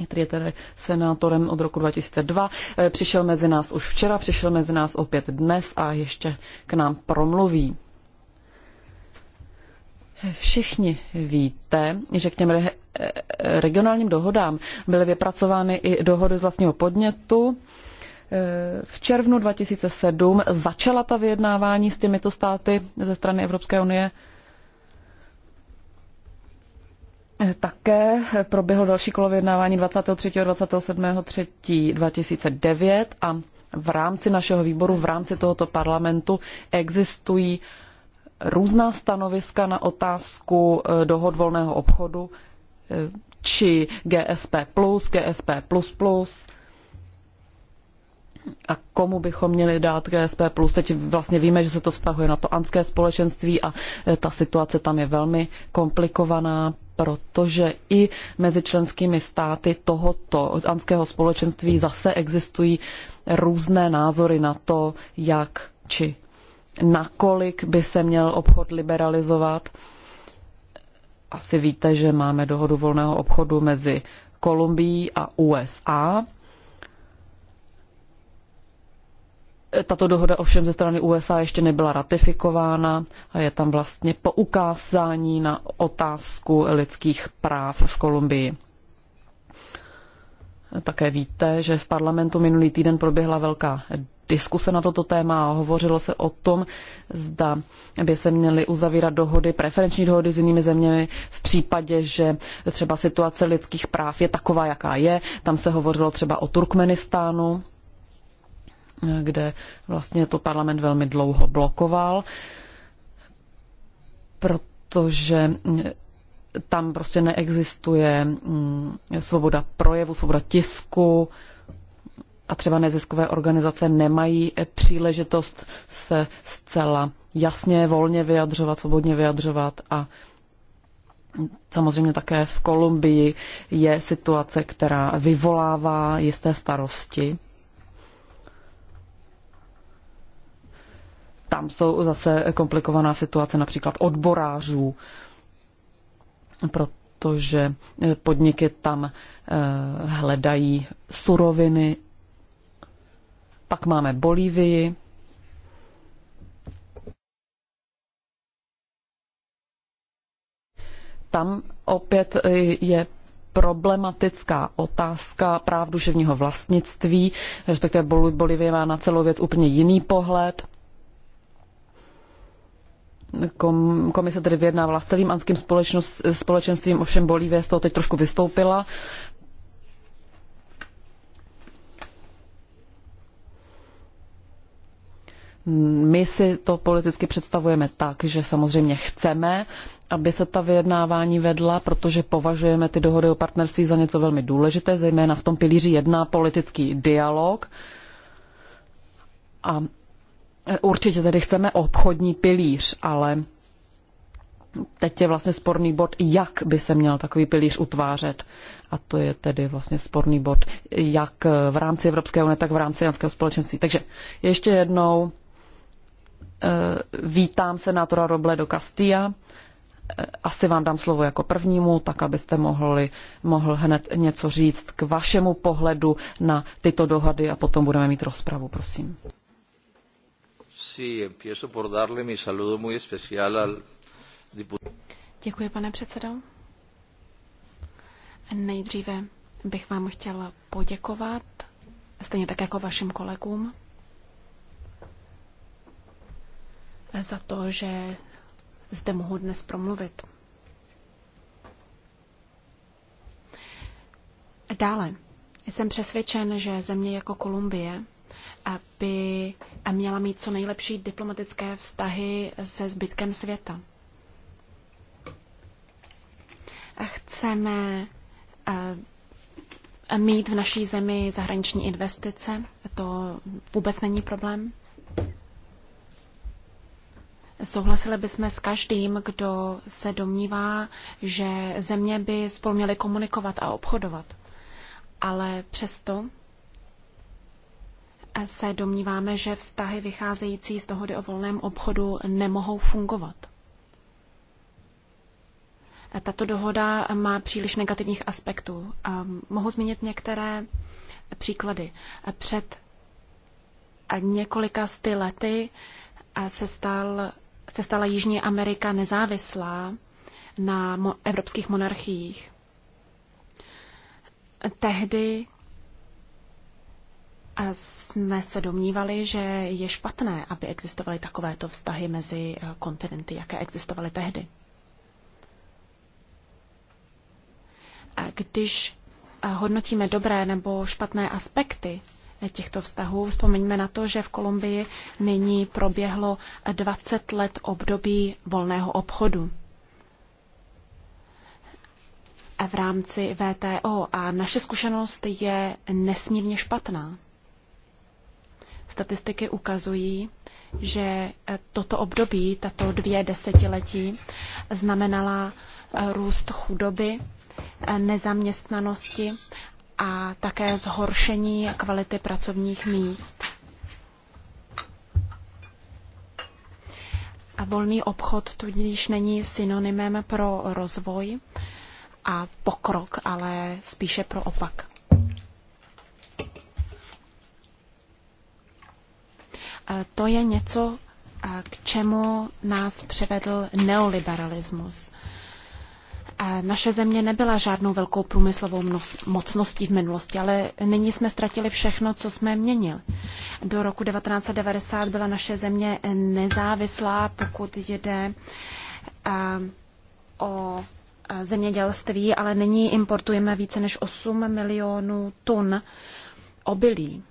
který je tedy senátorem od roku 2002. Eh, přišel mezi nás už včera, přišel mezi nás opět dnes a ještě k nám promluví. Všichni víte, že k těm re- eh, regionálním dohodám byly vypracovány i dohody z vlastního podnětu. Eh, v červnu 2007 začala ta vyjednávání s těmito státy ze strany Evropské unie Také proběhlo další kolo vyjednávání 23. a 27. 3. 2009 a v rámci našeho výboru, v rámci tohoto parlamentu existují různá stanoviska na otázku eh, dohod volného obchodu eh, či GSP+, GSP++, a komu bychom měli dát GSP+. Teď vlastně víme, že se to vztahuje na to anské společenství a eh, ta situace tam je velmi komplikovaná, protože i mezi členskými státy tohoto anského společenství zase existují různé názory na to, jak či nakolik by se měl obchod liberalizovat. Asi víte, že máme dohodu volného obchodu mezi Kolumbií a USA Tato dohoda ovšem ze strany USA ještě nebyla ratifikována a je tam vlastně poukázání na otázku lidských práv v Kolumbii. Také víte, že v parlamentu minulý týden proběhla velká diskuse na toto téma a hovořilo se o tom, zda by se měly uzavírat dohody, preferenční dohody s jinými zeměmi v případě, že třeba situace lidských práv je taková, jaká je. Tam se hovořilo třeba o Turkmenistánu, kde vlastně to parlament velmi dlouho blokoval, protože tam prostě neexistuje mm, svoboda projevu, svoboda tisku a třeba neziskové organizace nemají příležitost se zcela jasně, volně vyjadřovat, svobodně vyjadřovat a Samozřejmě také v Kolumbii je situace, která vyvolává jisté starosti. tam jsou zase komplikovaná situace například odborářů, protože podniky tam eh, hledají suroviny. Pak máme Bolívii, tam opět eh, je problematická otázka práv duševního vlastnictví, respektive Bolivie má na celou věc úplně jiný pohled komise tedy vyjednávala s celým anským společenstvím, ovšem Bolívie z toho teď trošku vystoupila. My si to politicky představujeme tak, že samozřejmě chceme, aby se ta vyjednávání vedla, protože považujeme ty dohody o partnerství za něco velmi důležité, zejména v tom pilíři jedná politický dialog. A Eh, určitě tedy chceme obchodní pilíř, ale teď je vlastně sporný bod, jak by se měl takový pilíř utvářet. A to je tedy vlastně sporný bod, jak eh, v rámci Evropské unie, tak v rámci Janského společenství. Takže ještě jednou eh, vítám senátora Roble do Castilla. Asi vám dám slovo jako prvnímu, tak abyste mohli, mohl hned něco říct k vašemu pohledu na tyto dohady a potom budeme mít rozpravu, prosím empiezo por darle mi saludo muy especial al diputado. Děkuji, pane předsedo. Nejdříve bych vám chtěla poděkovat, stejně tak jako vašim kolegům, za to, že zde mohu dnes promluvit. Dále jsem přesvědčen, že země jako Kolumbie aby měla mít co nejlepší diplomatické vztahy se zbytkem světa. Chceme eh, mít v naší zemi zahraniční investice, to vůbec není problém. Souhlasili bychom s každým, kdo se domnívá, že země by spolu měly komunikovat a obchodovat. Ale přesto se domníváme, že vztahy vycházející z dohody o volném obchodu nemohou fungovat. Tato dohoda má příliš negativních aspektů. Mohu zmínit některé příklady. Před několika sty lety se, stal, se stala Jižní Amerika nezávislá na mo- evropských monarchiích. Tehdy jsme se domnívali, že je špatné, aby existovaly takovéto vztahy mezi eh, kontinenty, jaké existovaly tehdy. A když eh, hodnotíme dobré nebo špatné aspekty eh, těchto vztahů, vzpomeňme na to, že v Kolumbii nyní proběhlo 20 let období volného obchodu v rámci VTO a naše zkušenost je nesmírně špatná. Statistiky ukazují, že eh, toto období, tato dvě desetiletí, znamenala eh, růst chudoby, eh, nezaměstnanosti a také zhoršení kvality pracovních míst. A volný obchod tudíž není synonymem pro rozvoj a pokrok, ale spíše pro opak. to je něco, k čemu nás přivedl neoliberalismus. Naše země nebyla žádnou velkou průmyslovou mocností v minulosti, ale nyní jsme ztratili všechno, co jsme měnili. Do roku 1990 byla naše země nezávislá, pokud jde o zemědělství, ale nyní importujeme více než 8 milionů tun obilí.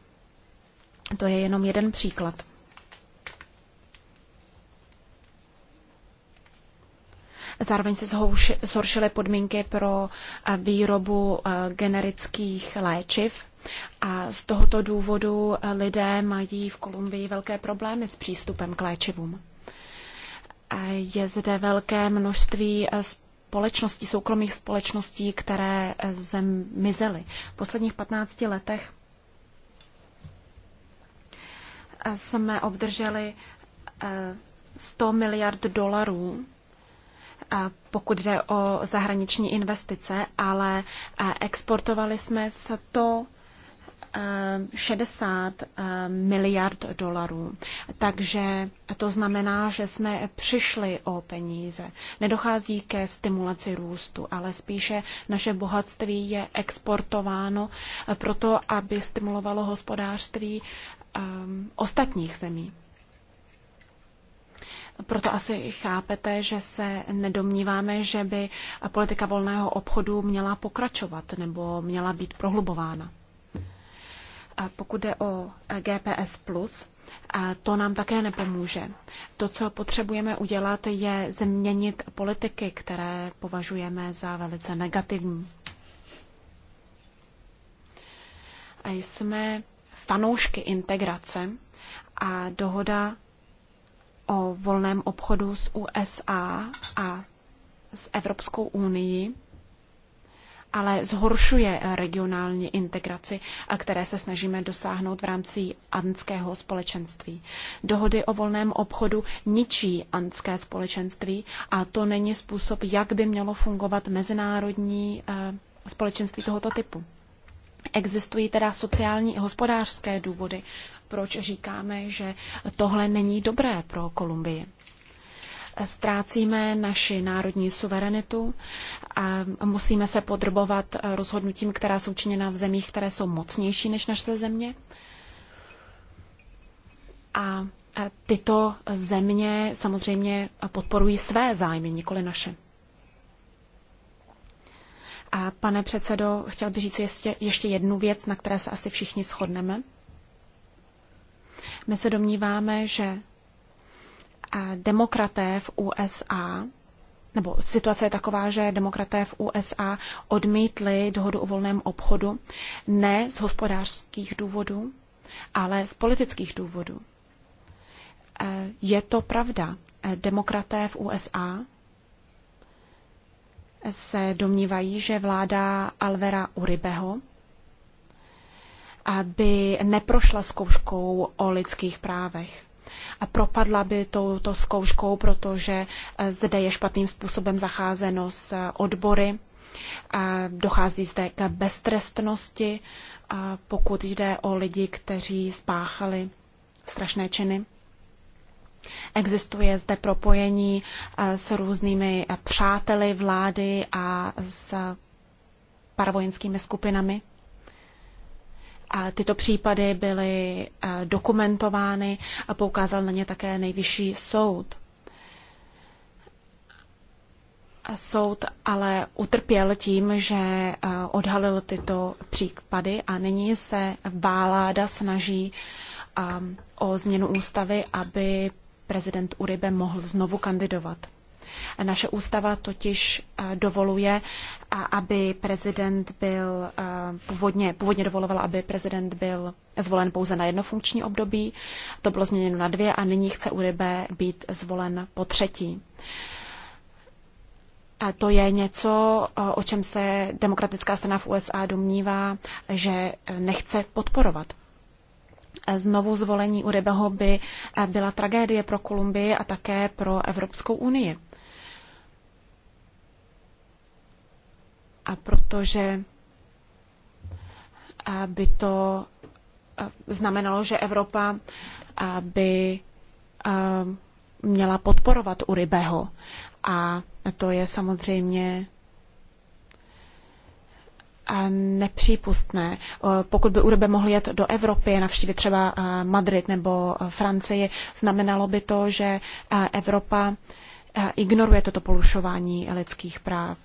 To je jenom jeden příklad. Zároveň se zhoršily podmínky pro eh, výrobu eh, generických léčiv. A z tohoto důvodu eh, lidé mají v Kolumbii velké problémy s přístupem k léčivům. Je zde velké množství společností, soukromých společností, které zmizely. V posledních 15 letech jsme obdrželi 100 miliard dolarů pokud jde o zahraniční investice, ale e, exportovali jsme to 60 e, e, miliard dolarů. Takže to znamená, že jsme přišli o peníze. Nedochází ke stimulaci růstu, ale spíše naše bohatství je exportováno proto, aby stimulovalo hospodářství ostatních zemí. Proto asi chápete, že se nedomníváme, že by politika volného obchodu měla pokračovat nebo měla být prohlubována. A pokud jde o GPS+, to nám také nepomůže. To, co potřebujeme udělat, je změnit politiky, které považujeme za velice negativní. A jsme fanoušky integrace a dohoda o volném obchodu s USA a s Evropskou unii, ale zhoršuje regionální integraci, a které se snažíme dosáhnout v rámci andského společenství. Dohody o volném obchodu ničí andské společenství a to není způsob, jak by mělo fungovat mezinárodní eh, společenství tohoto typu. Existují teda sociální i hospodářské důvody proč říkáme, že tohle není dobré pro Kolumbii. Ztrácíme naši národní suverenitu a musíme se podrobovat rozhodnutím, která jsou činěna v zemích, které jsou mocnější než naše země. A tyto země samozřejmě podporují své zájmy, nikoli naše. A pane předsedo, chtěl bych říct ještě, ještě jednu věc, na které se asi všichni shodneme. My se domníváme, že demokraté v USA, nebo situace je taková, že demokraté v USA odmítli dohodu o volném obchodu ne z hospodářských důvodů, ale z politických důvodů. E, je to pravda. E, demokraté v USA se domnívají, že vláda Alvera Uribeho aby neprošla zkouškou o lidských právech. A propadla by touto zkouškou, protože eh, zde je špatným způsobem zacházeno s eh, odbory, dochází zde k beztrestnosti, pokud jde o lidi, kteří spáchali strašné činy. Existuje zde propojení eh, s různými přáteli vlády a s paravojenskými skupinami. Tyto případy byly eh, dokumentovány a poukázal na ně také nejvyšší soud. Soud ale utrpěl tím, že eh, odhalil tyto případy a nyní se váláda snaží eh, o změnu ústavy, aby prezident Uribe mohl znovu kandidovat. Naše ústava totiž eh, dovoluje, aby prezident byl eh, původně, původně dovolovala, aby prezident byl zvolen pouze na jedno funkční období. To bylo změněno na dvě a nyní chce Uribe být zvolen po třetí. A to je něco, eh, o čem se demokratická strana v USA domnívá, že nechce podporovat. Znovu zvolení Uribeho by byla tragédie pro Kolumbii a také pro Evropskou unii. a protože by to znamenalo, že Evropa by měla podporovat Uribeho. A to je samozřejmě nepřípustné. Pokud by Uribe mohl jet do Evropy, navštívit třeba Madrid nebo Francii, znamenalo by to, že Evropa ignoruje toto porušování lidských práv.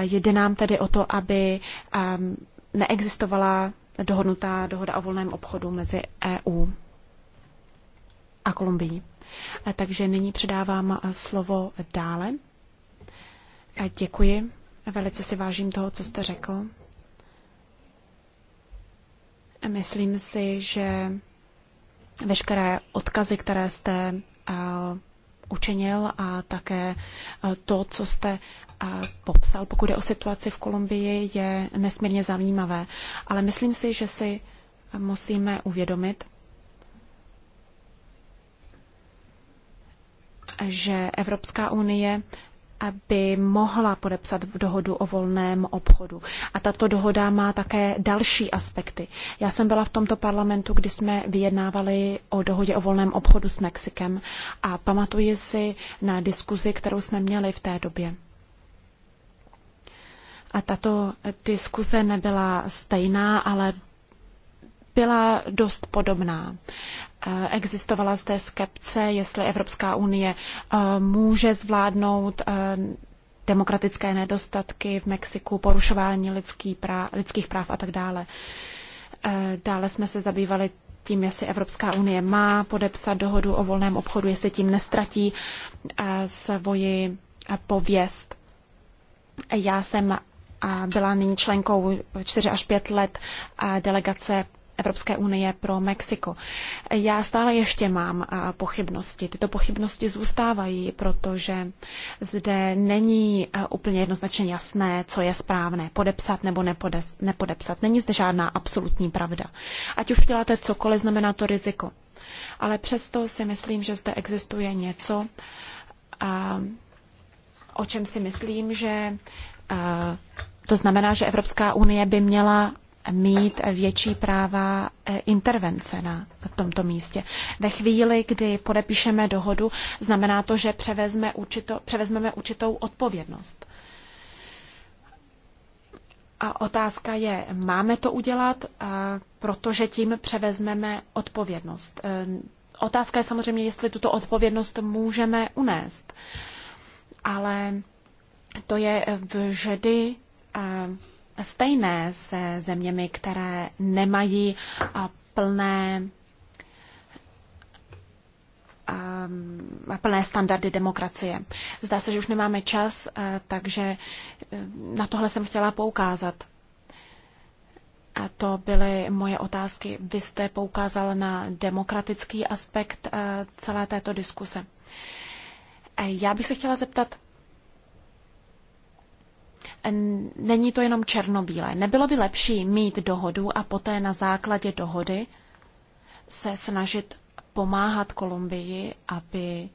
Jde nám tedy o to, aby ehm, neexistovala dohodnutá dohoda o volném obchodu mezi EU a Kolumbií. Takže nyní předávám slovo dále. Děkuji. Velice si vážím toho, co jste řekl. Myslím si, že veškeré odkazy, které jste eh, učinil a také eh, to, co jste popsal, pokud je o situaci v Kolumbii, je nesmírně zajímavé. Ale myslím si, že si musíme uvědomit, že Evropská unie aby mohla podepsat dohodu o volném obchodu. A tato dohoda má také další aspekty. Já jsem byla v tomto parlamentu, kdy jsme vyjednávali o dohodě o volném obchodu s Mexikem a pamatuji si na diskuzi, kterou jsme měli v té době. A tato diskuse nebyla stejná, ale byla dost podobná. Eh, existovala zde skepce, jestli Evropská unie eh, může zvládnout eh, demokratické nedostatky v Mexiku, porušování lidský práv, lidských práv a tak dále. Dále jsme se zabývali tím, jestli Evropská unie má podepsat dohodu o volném obchodu, jestli tím nestratí svoji pověst. Já jsem byla nyní členkou 4 až 5 let delegace Evropské unie pro Mexiko. Já stále ještě mám pochybnosti. Tyto pochybnosti zůstávají, protože zde není úplně jednoznačně jasné, co je správné, podepsat nebo nepodepsat. Není zde žádná absolutní pravda. Ať už děláte cokoliv, znamená to riziko. Ale přesto si myslím, že zde existuje něco, o čem si myslím, že to znamená, že Evropská unie by měla mít větší práva e, intervence na tomto místě. Ve chvíli, kdy podepíšeme dohodu, znamená to, že převezme určito, převezmeme určitou odpovědnost. A otázka je, máme to udělat, e, protože tím převezmeme odpovědnost. E, otázka je samozřejmě, jestli tuto odpovědnost můžeme unést. Ale to je vždy stejné se zeměmi, které nemají plné plné standardy demokracie. Zdá se, že už nemáme čas, takže e, na tohle jsem chtěla poukázat. A to byly moje otázky. Vy jste poukázal na demokratický aspekt e, celé této diskuse. E, já bych se chtěla zeptat, není to jenom černobílé. Nebylo by lepší mít dohodu a poté na základě dohody se snažit pomáhat Kolumbii, aby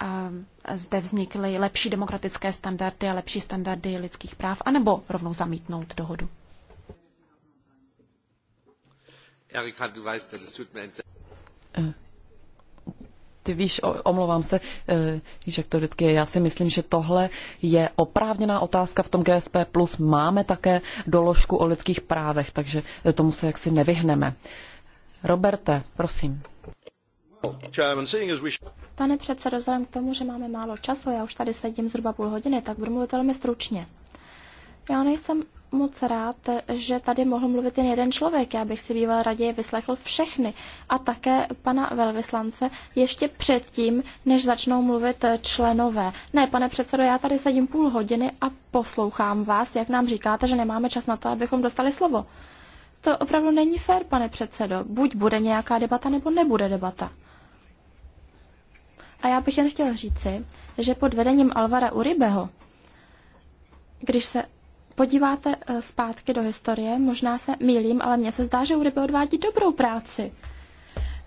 ehm, zde vznikly lepší demokratické standardy a lepší standardy lidských práv, anebo rovnou zamítnout dohodu. Erika, ty víš, omlouvám se, víš, eh, jak to vždycky je. Já si myslím, že tohle je oprávněná otázka v tom GSP+. Plus máme také doložku o lidských právech, takže eh, tomu se jaksi nevyhneme. Roberte, prosím. Pane předsedo, vzhledem k tomu, že máme málo času, já už tady sedím zhruba půl hodiny, tak budu mluvit velmi stručně. Já nejsem moc rád, že tady mohl mluvit jen jeden člověk. Já bych si býval raději vyslechl všechny a také pana velvyslance ještě předtím, než začnou mluvit členové. Ne, pane předsedo, já tady sedím půl hodiny a poslouchám vás, jak nám říkáte, že nemáme čas na to, abychom dostali slovo. To opravdu není fér, pane předsedo. Buď bude nějaká debata, nebo nebude debata. A já bych jen chtěl říci, že pod vedením Alvara Uribeho, když se podíváte eh, zpátky do historie, možná se mýlím, ale mně se zdá, že ryby odvádí dobrou práci.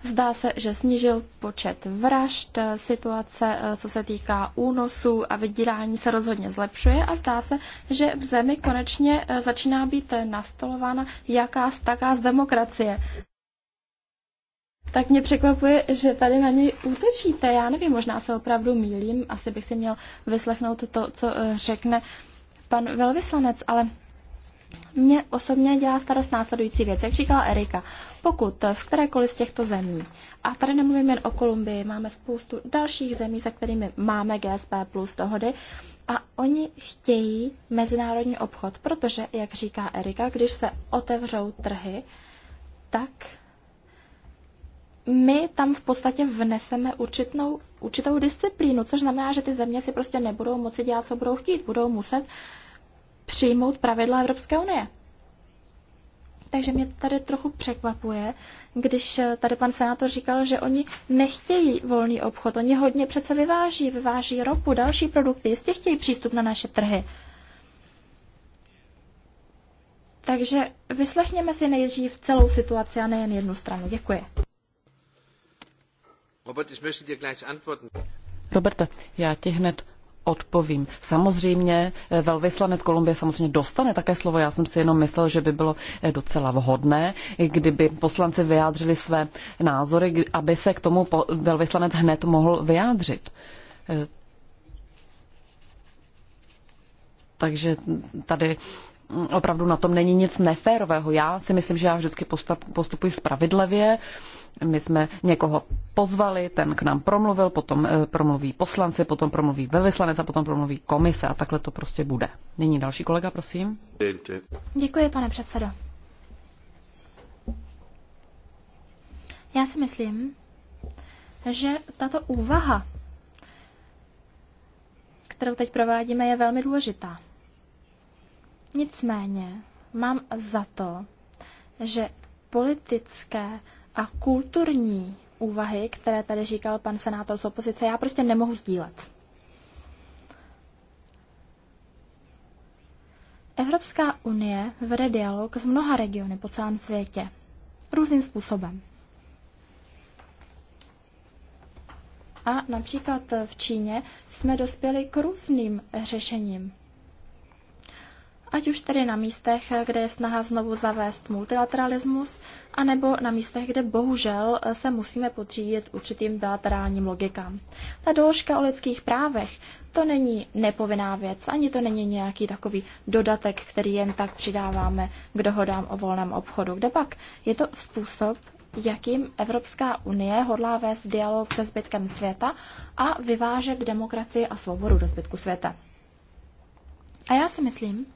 Zdá se, že snížil počet vražd, eh, situace, eh, co se týká únosů a vydírání se rozhodně zlepšuje a zdá se, že v zemi konečně začíná být nastolována jaká taká z demokracie. Tak mě překvapuje, že tady na něj útočíte. Já nevím, možná se opravdu mýlím, asi bych si měl vyslechnout to, co řekne pan velvyslanec, ale mě osobně dělá starost následující věc. Jak říkala Erika, pokud v kterékoliv z těchto zemí, a tady nemluvím jen o Kolumbii, máme spoustu dalších zemí, se kterými máme GSP plus dohody, a oni chtějí mezinárodní obchod, protože, jak říká Erika, když se otevřou trhy, tak my tam v podstatě vneseme určitou, určitou disciplínu, což znamená, že ty země si prostě nebudou moci dělat, co budou chtít, budou muset uh, přijmout pravidla Evropské unie. Takže mě tady trochu překvapuje, když tady pan senátor říkal, že oni nechtějí volný obchod. Oni hodně přece vyváží, vyváží ropu, další produkty, jistě chtějí přístup na naše trhy. Takže vyslechněme si nejdřív celou situaci a nejen jednu stranu. Děkuji. Robert, já ti hned odpovím. Samozřejmě eh, velvyslanec Kolumbie samozřejmě dostane také slovo. Já jsem si jenom myslel, že by bylo eh, docela vhodné, kdyby poslanci vyjádřili své názory, aby se k tomu velvyslanec hned mohl vyjádřit. Eh, takže tady opravdu na tom není nic neférového. Já si myslím, že já vždycky postupuji spravedlivě. My jsme někoho pozvali, ten k nám promluvil, potom eh, promluví poslanci, potom promluví vevyslanec a potom promluví komise a takhle to prostě bude. Nyní další kolega, prosím. Děkuji, pane předsedo. Já si myslím, že tato úvaha, kterou teď provádíme, je velmi důležitá. Nicméně mám za to, že politické a kulturní úvahy, které tady říkal pan senátor z opozice, já prostě nemohu sdílet. Evropská unie vede dialog s mnoha regiony po celém světě. Různým způsobem. A například v Číně jsme dospěli k různým řešením ať už tedy na místech, kde je snaha znovu zavést multilateralismus, anebo na místech, kde bohužel se musíme podřídit určitým bilaterálním logikám. Ta doložka o lidských právech, to není nepovinná věc, ani to není nějaký takový dodatek, který jen tak přidáváme k dohodám o volném obchodu. Kde pak je to způsob, jakým Evropská unie hodlá vést dialog se zbytkem světa a vyvážet demokracii a svobodu do zbytku světa. A já si myslím,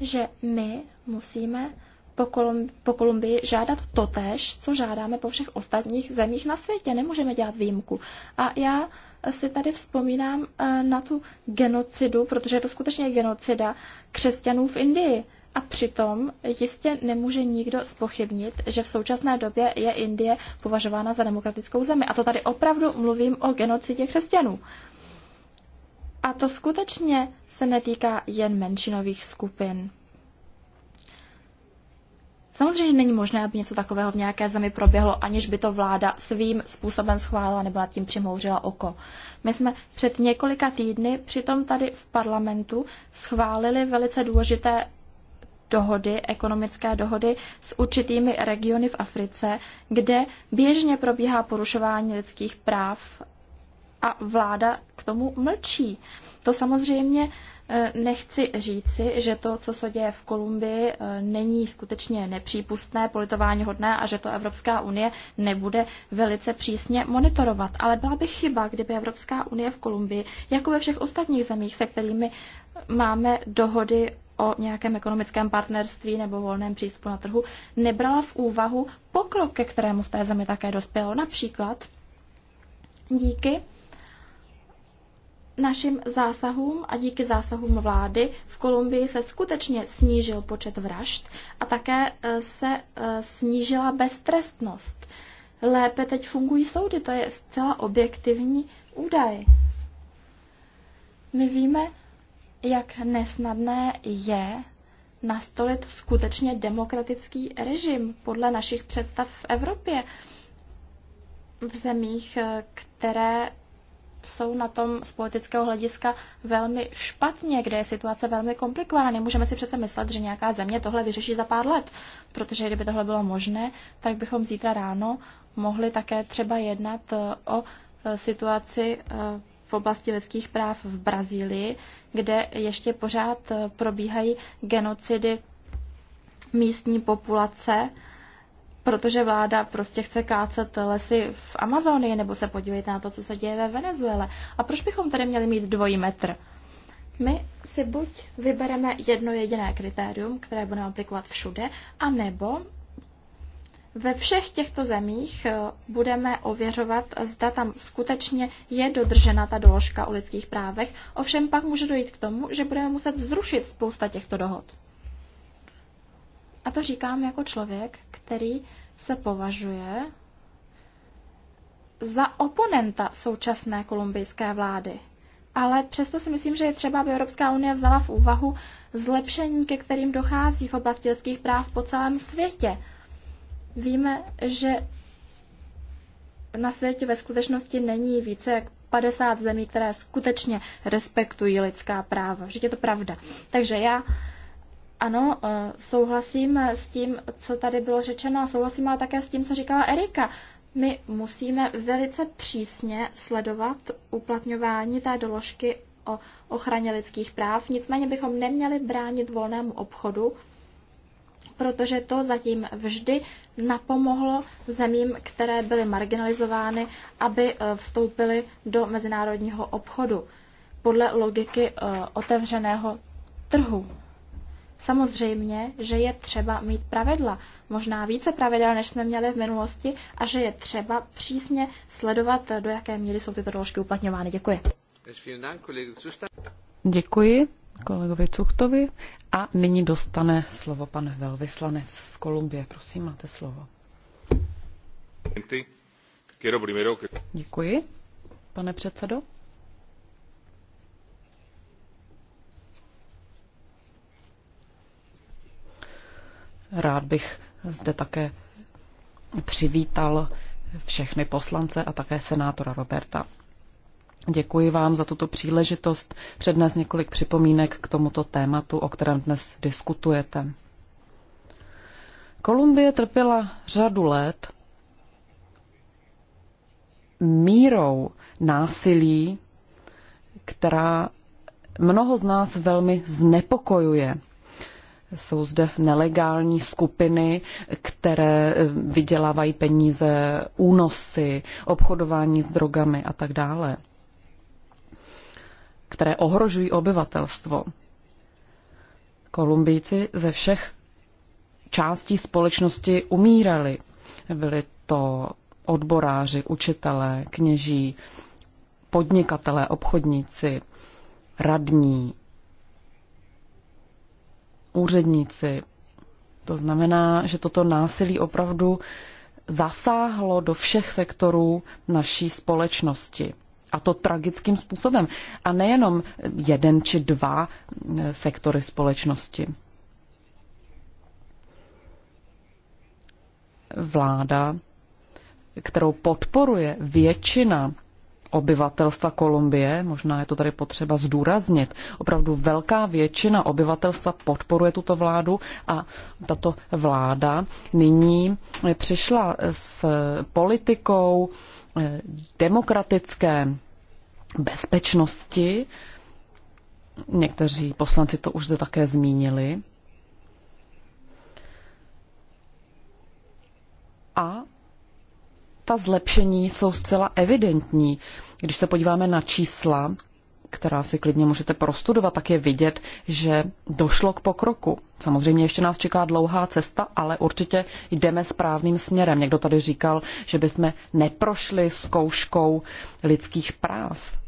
že my musíme po, Kolum- po Kolumbii žádat totéž, co žádáme po všech ostatních zemích na světě. Nemůžeme dělat výjimku. A já si tady vzpomínám eh, na tu genocidu, protože je to skutečně genocida křesťanů v Indii. A přitom jistě nemůže nikdo spochybnit, že v současné době je Indie považována za demokratickou zemi. A to tady opravdu mluvím o genocidě křesťanů. A to skutečně se netýká jen menšinových skupin. Samozřejmě není možné, aby něco takového v nějaké zemi proběhlo, aniž by to vláda svým způsobem schválila nebo nad tím přimouřila oko. My jsme před několika týdny přitom tady v parlamentu schválili velice důležité dohody, ekonomické dohody s určitými regiony v Africe, kde běžně probíhá porušování lidských práv a vláda k tomu mlčí. To samozřejmě eh, nechci říci, že to, co se děje v Kolumbii, eh, není skutečně nepřípustné, politování hodné a že to Evropská unie nebude velice přísně monitorovat. Ale byla by chyba, kdyby Evropská unie v Kolumbii, jako ve všech ostatních zemích, se kterými máme dohody o nějakém ekonomickém partnerství nebo volném přístupu na trhu, nebrala v úvahu pokrok, ke kterému v té zemi také dospělo. Například díky našim zásahům a díky zásahům vlády v Kolumbii se skutečně snížil počet vražd a také e, se e, snížila beztrestnost. Lépe teď fungují soudy, to je zcela objektivní údaj. My víme, jak nesnadné je nastolit skutečně demokratický režim podle našich představ v Evropě, v zemích, e, které jsou na tom z politického hlediska velmi špatně, kde je situace velmi komplikovaná. Nemůžeme si přece myslet, že nějaká země tohle vyřeší za pár let, protože kdyby tohle bylo možné, tak bychom zítra ráno mohli také třeba jednat eh, o eh, situaci eh, v oblasti lidských práv v Brazílii, kde ještě pořád probíhají genocidy místní populace protože vláda prostě chce kácet lesy v Amazonii, nebo se podívejte na to, co se děje ve Venezuele. A proč bychom tady měli mít dvojí metr? My si buď vybereme jedno jediné kritérium, které budeme aplikovat všude, anebo ve všech těchto zemích eh, budeme ověřovat, zda tam skutečně je dodržena ta doložka o lidských právech. Ovšem pak může dojít k tomu, že budeme muset zrušit spousta těchto dohod. A to říkám jako člověk, který se považuje za oponenta současné kolumbijské vlády. Ale přesto si myslím, že je třeba, aby Evropská unie vzala v úvahu zlepšení, ke kterým dochází v oblasti lidských práv po celém světě. Víme, že na světě ve skutečnosti není více jak 50 zemí, které skutečně respektují lidská práva. Vždyť je to pravda. Takže já ano, eh, souhlasím s tím, co tady bylo řečeno a souhlasím ale také s tím, co říkala Erika. My musíme velice přísně sledovat uplatňování té doložky o ochraně lidských práv, nicméně bychom neměli bránit volnému obchodu, protože to zatím vždy napomohlo zemím, které byly marginalizovány, aby eh, vstoupily do mezinárodního obchodu podle logiky eh, otevřeného trhu. Samozřejmě, že je třeba mít pravidla, možná více pravidel, než jsme měli v minulosti, a že je třeba přísně sledovat, do jaké míry jsou tyto doložky uplatňovány. Děkuji. Děkuji kolegovi Cuchtovi a nyní dostane slovo pan velvyslanec z Kolumbie. Prosím, máte slovo. Děkuji, pane předsedo. Rád bych zde také přivítal všechny poslance a také senátora Roberta. Děkuji vám za tuto příležitost přednes několik připomínek k tomuto tématu, o kterém dnes diskutujete. Kolumbie trpěla řadu let mírou násilí, která mnoho z nás velmi znepokojuje. Jsou zde nelegální skupiny, které eh, vydělávají peníze, únosy, obchodování s drogami a tak dále, které ohrožují obyvatelstvo. Kolumbijci ze všech částí společnosti umírali. Byli to odboráři, učitelé, kněží, podnikatelé, obchodníci, radní, úředníci. To znamená, že toto násilí opravdu zasáhlo do všech sektorů naší společnosti. A to tragickým způsobem. A nejenom jeden či dva eh, sektory společnosti. Vláda, kterou podporuje většina obyvatelstva Kolumbie, možná je to tady potřeba zdůraznit, opravdu velká většina obyvatelstva podporuje tuto vládu a tato vláda nyní eh, přišla eh, s politikou eh, demokratické bezpečnosti. Někteří poslanci to už zde také zmínili. ta zlepšení jsou zcela evidentní. Když se podíváme na čísla, která si klidně můžete prostudovat, tak je vidět, že došlo k pokroku. Samozřejmě ještě nás čeká dlouhá cesta, ale určitě jdeme správným směrem. Někdo tady říkal, že bychom neprošli zkouškou lidských práv.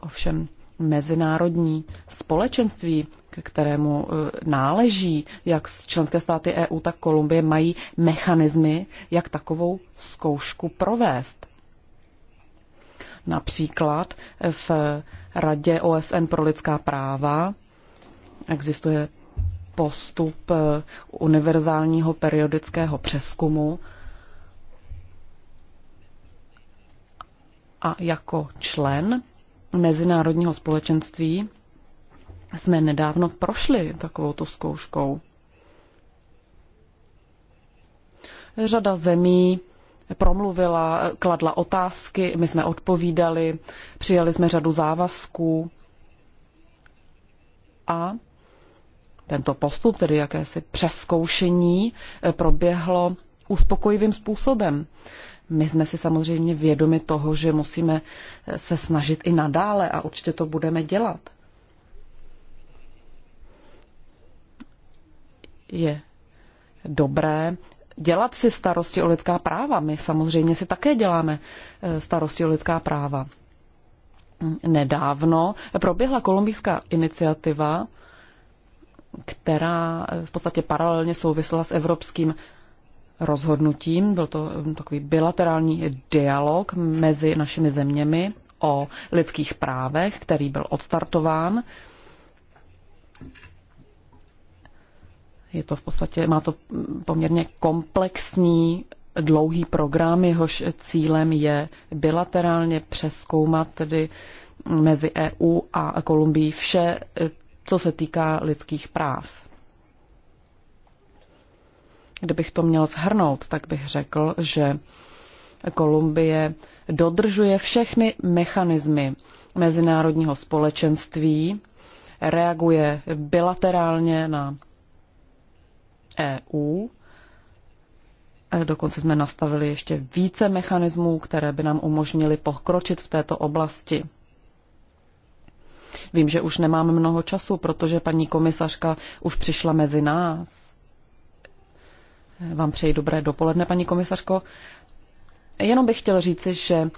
Ovšem, mezinárodní společenství ke kterému eh, náleží jak členské státy EU, tak Kolumbie, mají mechanismy, jak takovou zkoušku provést. Například v Radě OSN pro lidská práva existuje postup eh, univerzálního periodického přeskumu a jako člen mezinárodního společenství jsme nedávno prošli takovou tu zkouškou. Řada zemí promluvila, kladla otázky, my jsme odpovídali, přijali jsme řadu závazků a tento postup, tedy jakési přeskoušení, proběhlo uspokojivým způsobem. My jsme si samozřejmě vědomi toho, že musíme se snažit i nadále a určitě to budeme dělat. je dobré dělat si starosti o lidská práva. My samozřejmě si také děláme eh, starosti o lidská práva. Nedávno proběhla kolumbijská iniciativa, která v podstatě paralelně souvisela s evropským rozhodnutím. Byl to eh, takový bilaterální dialog mezi našimi zeměmi o lidských právech, který byl odstartován je to v podstatě, má to poměrně komplexní dlouhý program, jehož cílem je bilaterálně přeskoumat tedy mezi EU a Kolumbií vše, co se týká lidských práv. Kdybych to měl shrnout, tak bych řekl, že Kolumbie dodržuje všechny mechanismy mezinárodního společenství, reaguje bilaterálně na EU. E, dokonce jsme nastavili ještě více mechanismů, které by nám umožnili pokročit v této oblasti. Vím, že už nemám mnoho času, protože paní komisařka už přišla mezi nás. E, vám přeji dobré dopoledne, paní komisařko. Jenom bych chtěl říci, že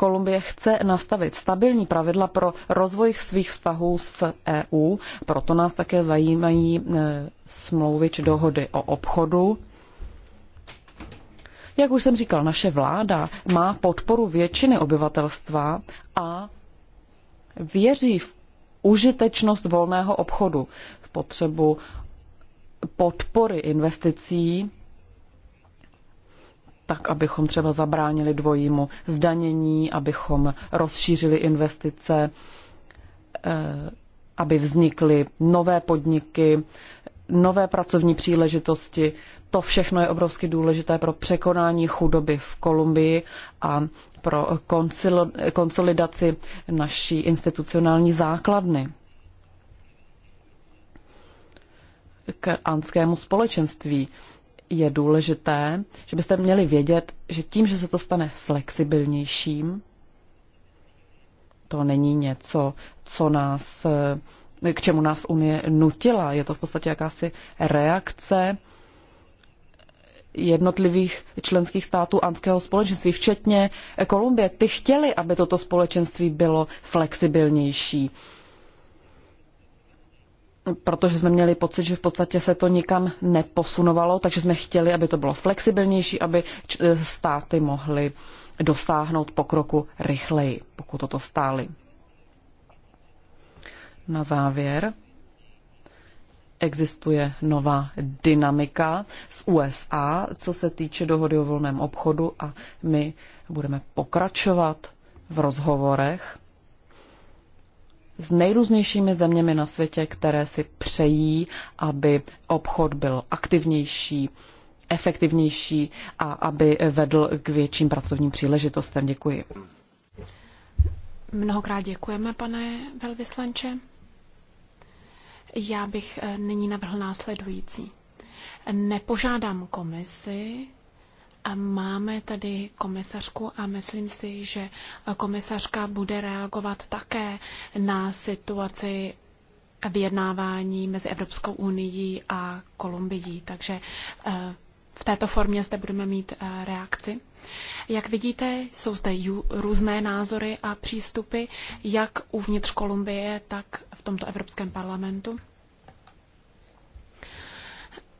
Kolumbie chce nastavit stabilní pravidla pro rozvoj svých vztahů s EU, proto nás také zajímají e, smlouvy či dohody o obchodu. Jak už jsem říkal, naše vláda má podporu většiny obyvatelstva a věří v užitečnost volného obchodu, v potřebu podpory investicí tak abychom třeba zabránili dvojímu zdanění, abychom rozšířili investice, eh, aby vznikly nové podniky, nové pracovní příležitosti. To všechno je obrovsky důležité pro překonání chudoby v Kolumbii a pro konsolidaci naší institucionální základny k anskému společenství je důležité, že byste měli vědět, že tím, že se to stane flexibilnějším, to není něco, co nás, eh, k čemu nás Unie nutila. Je to v podstatě jakási reakce jednotlivých členských států anského společenství, včetně Kolumbie. Ty chtěli, aby toto společenství bylo flexibilnější protože jsme měli pocit, že v podstatě se to nikam neposunovalo, takže jsme chtěli, aby to bylo flexibilnější, aby e, státy mohly dosáhnout pokroku rychleji, pokud toto stály. Na závěr existuje nová dynamika z USA, co se týče dohody o volném obchodu a my budeme pokračovat v rozhovorech s nejrůznějšími zeměmi na světě, které si přejí, aby obchod byl aktivnější, efektivnější a aby vedl k větším pracovním příležitostem. Děkuji. Mnohokrát děkujeme, pane velvyslanče. Já bych eh, nyní navrhl následující. Nepožádám komisi, a máme tady komisařku a myslím si, že komisařka bude reagovat také na situaci vyjednávání mezi Evropskou unii a Kolumbií. Takže eh, v této formě zde budeme mít eh, reakci. Jak vidíte, jsou zde různé názory a přístupy, jak uvnitř Kolumbie, tak v tomto Evropském parlamentu.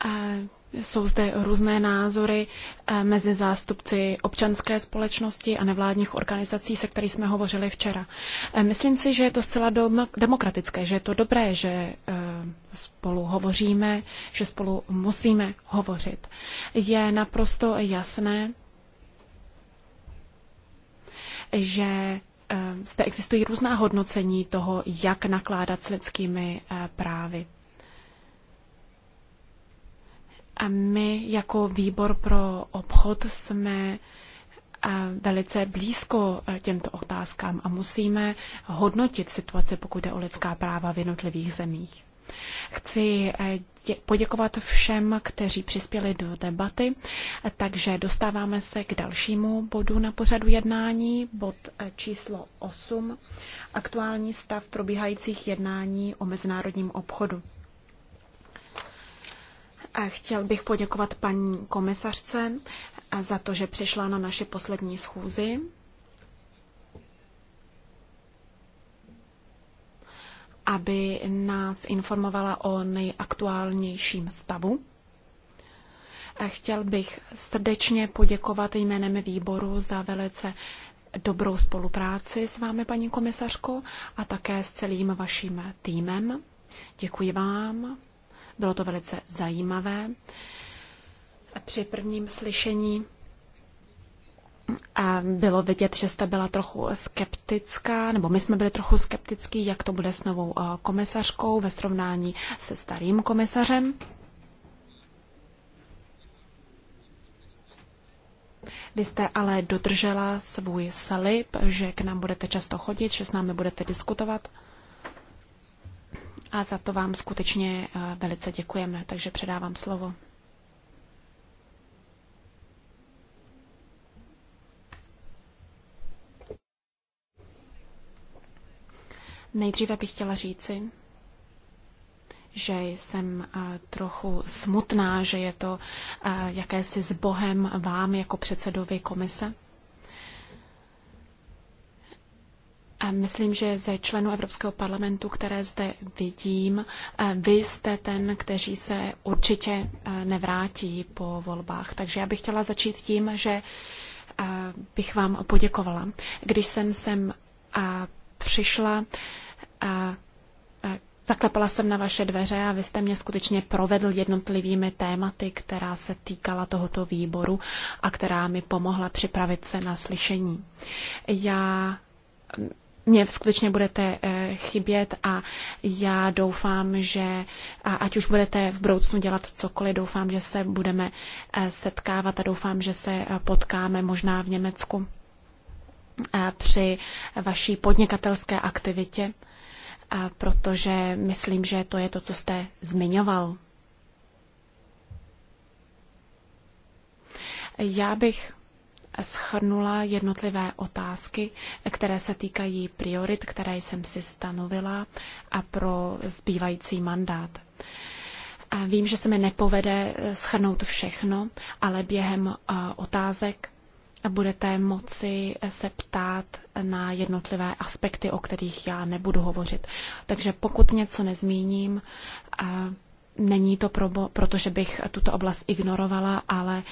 Eh, jsou zde různé názory eh, mezi zástupci občanské společnosti a nevládních organizací, se kterými jsme hovořili včera. Eh, myslím si, že je to zcela demokratické, že je to dobré, že eh, spolu hovoříme, že spolu musíme hovořit. Je naprosto jasné, že zde existují různá hodnocení toho, jak nakládat s lidskými právy. A my jako výbor pro obchod jsme eh, velice blízko eh, těmto otázkám a musíme hodnotit situaci, pokud jde o lidská práva v jednotlivých zemích. Chci eh, poděkovat všem, kteří přispěli do debaty, takže dostáváme se k dalšímu bodu na pořadu jednání, bod číslo 8, aktuální stav probíhajících jednání o mezinárodním obchodu. Chtěl bych poděkovat paní komisařce za to, že přišla na naši poslední schůzi. aby nás informovala o nejaktuálnějším stavu. Chtěl bych srdečně poděkovat jménem výboru za velice dobrou spolupráci s vámi, paní komisařko, a také s celým vaším týmem. Děkuji vám bylo to velice zajímavé. Při prvním slyšení a bylo vidět, že jste byla trochu skeptická, nebo my jsme byli trochu skeptický, jak to bude s novou eh, komisařkou ve srovnání se starým komisařem. Vy jste ale dodržela svůj slib, že k nám budete často chodit, že s námi budete diskutovat a za to vám skutečně eh, velice děkujeme, takže předávám slovo. Nejdříve bych chtěla říci, že jsem eh, trochu smutná, že je to eh, jakési s Bohem vám jako předsedovi komise. Myslím, že ze členů Evropského parlamentu, které zde vidím, eh, vy jste ten, kteří se určitě eh, nevrátí po volbách. Takže já bych chtěla začít tím, že eh, bych vám poděkovala. Když jsem sem přišla, zaklepala jsem na vaše dveře a vy jste mě skutečně provedl jednotlivými tématy, která se týkala tohoto výboru a která mi pomohla připravit se na slyšení. Já mě skutečně budete eh, chybět a já doufám, že ať už budete v budoucnu dělat cokoliv, doufám, že se budeme eh, setkávat a doufám, že se eh, potkáme možná v Německu při vaší podnikatelské aktivitě, protože myslím, že to je to, co jste zmiňoval. Já bych schrnula jednotlivé otázky, které se týkají priorit, které jsem si stanovila a pro zbývající mandát. A vím, že se mi nepovede eh, schrnout všechno, ale během eh, otázek budete moci eh, se ptát na jednotlivé aspekty, o kterých já nebudu hovořit. Takže pokud něco nezmíním, Není to probo, protože bych tuto oblast ignorovala, ale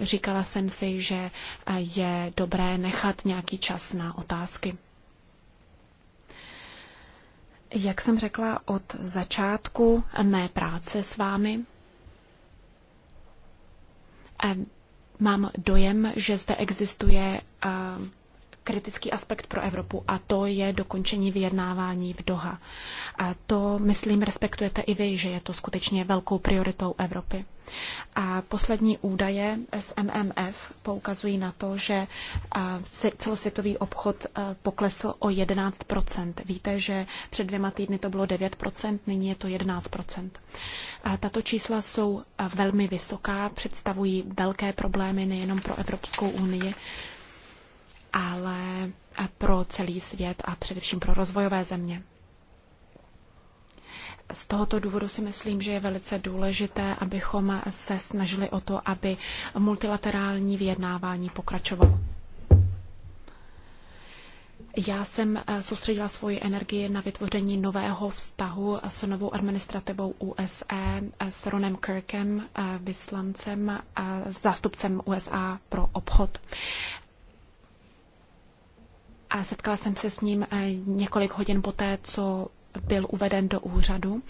říkala jsem si, že eh, je dobré nechat nějaký čas na otázky. Jak jsem řekla od začátku mé práce s vámi, mám dojem, že zde existuje eh, kritický aspekt pro Evropu a to je dokončení vyjednávání v Doha. A to, myslím, respektujete i vy, že je to skutečně velkou prioritou Evropy. A poslední údaje z MMF poukazují na to, že celosvětový obchod poklesl o 11 Víte, že před dvěma týdny to bylo 9 nyní je to 11 A tato čísla jsou velmi vysoká, představují velké problémy nejenom pro Evropskou unii, ale eh, pro celý svět a především pro rozvojové země. Z tohoto důvodu si myslím, že je velice důležité, abychom se snažili o to, aby multilaterální vyjednávání pokračovalo. Já jsem eh, soustředila svoji energii na vytvoření nového vztahu s novou administrativou USA, eh, s Ronem Kirkem, vyslancem, zástupcem USA pro obchod. A setkala jsem se s ním eh, několik hodin poté, co byl uveden do úřadu.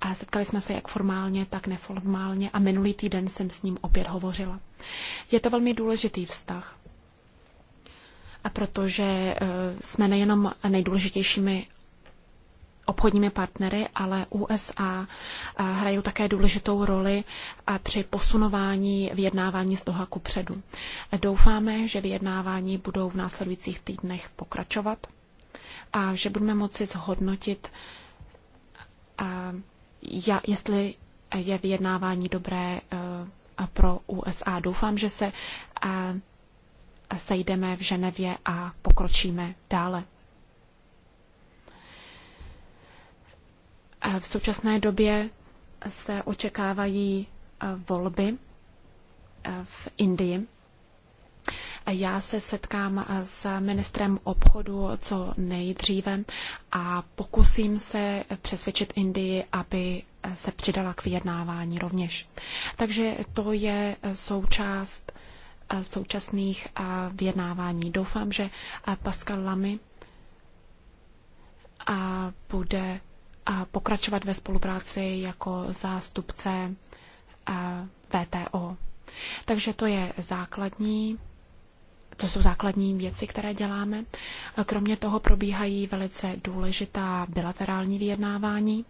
A setkali jsme se jak formálně, tak neformálně a minulý týden jsem s ním opět hovořila. Je to velmi důležitý vztah. A protože eh, jsme nejenom nejdůležitějšími obchodními partnery, ale USA eh, hrají také důležitou roli eh, při posunování vyjednávání z Doha ku předu. Doufáme, že vyjednávání budou v následujících týdnech pokračovat a že budeme moci zhodnotit, eh, jestli je vyjednávání dobré pro USA. Doufám, že se sejdeme v Ženevě a pokročíme dále. V současné době se očekávají eh, volby eh, v Indii. Já se setkám eh, s ministrem obchodu co nejdříve a pokusím se přesvědčit Indii, aby se přidala k vyjednávání rovněž. Takže to je součást současných vyjednávání. Doufám, že Pascal Lamy bude a pokračovat ve spolupráci jako zástupce eh, VTO. Takže to je základní, to jsou základní věci, které děláme. Kromě toho probíhají velice důležitá bilaterální vyjednávání.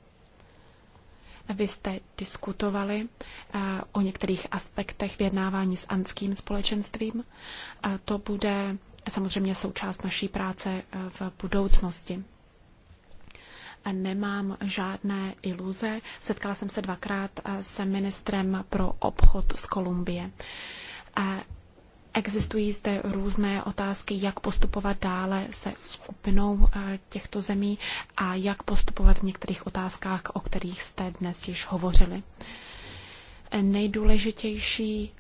Vy jste diskutovali eh, o některých aspektech vyjednávání s anským společenstvím. Eh, to bude samozřejmě součást naší práce v budoucnosti nemám žádné iluze. Setkala jsem se dvakrát eh, se ministrem pro obchod z Kolumbie. Eh, existují zde různé otázky, jak postupovat dále se skupinou eh, těchto zemí a jak postupovat v některých otázkách, o kterých jste dnes již hovořili. Nejdůležitější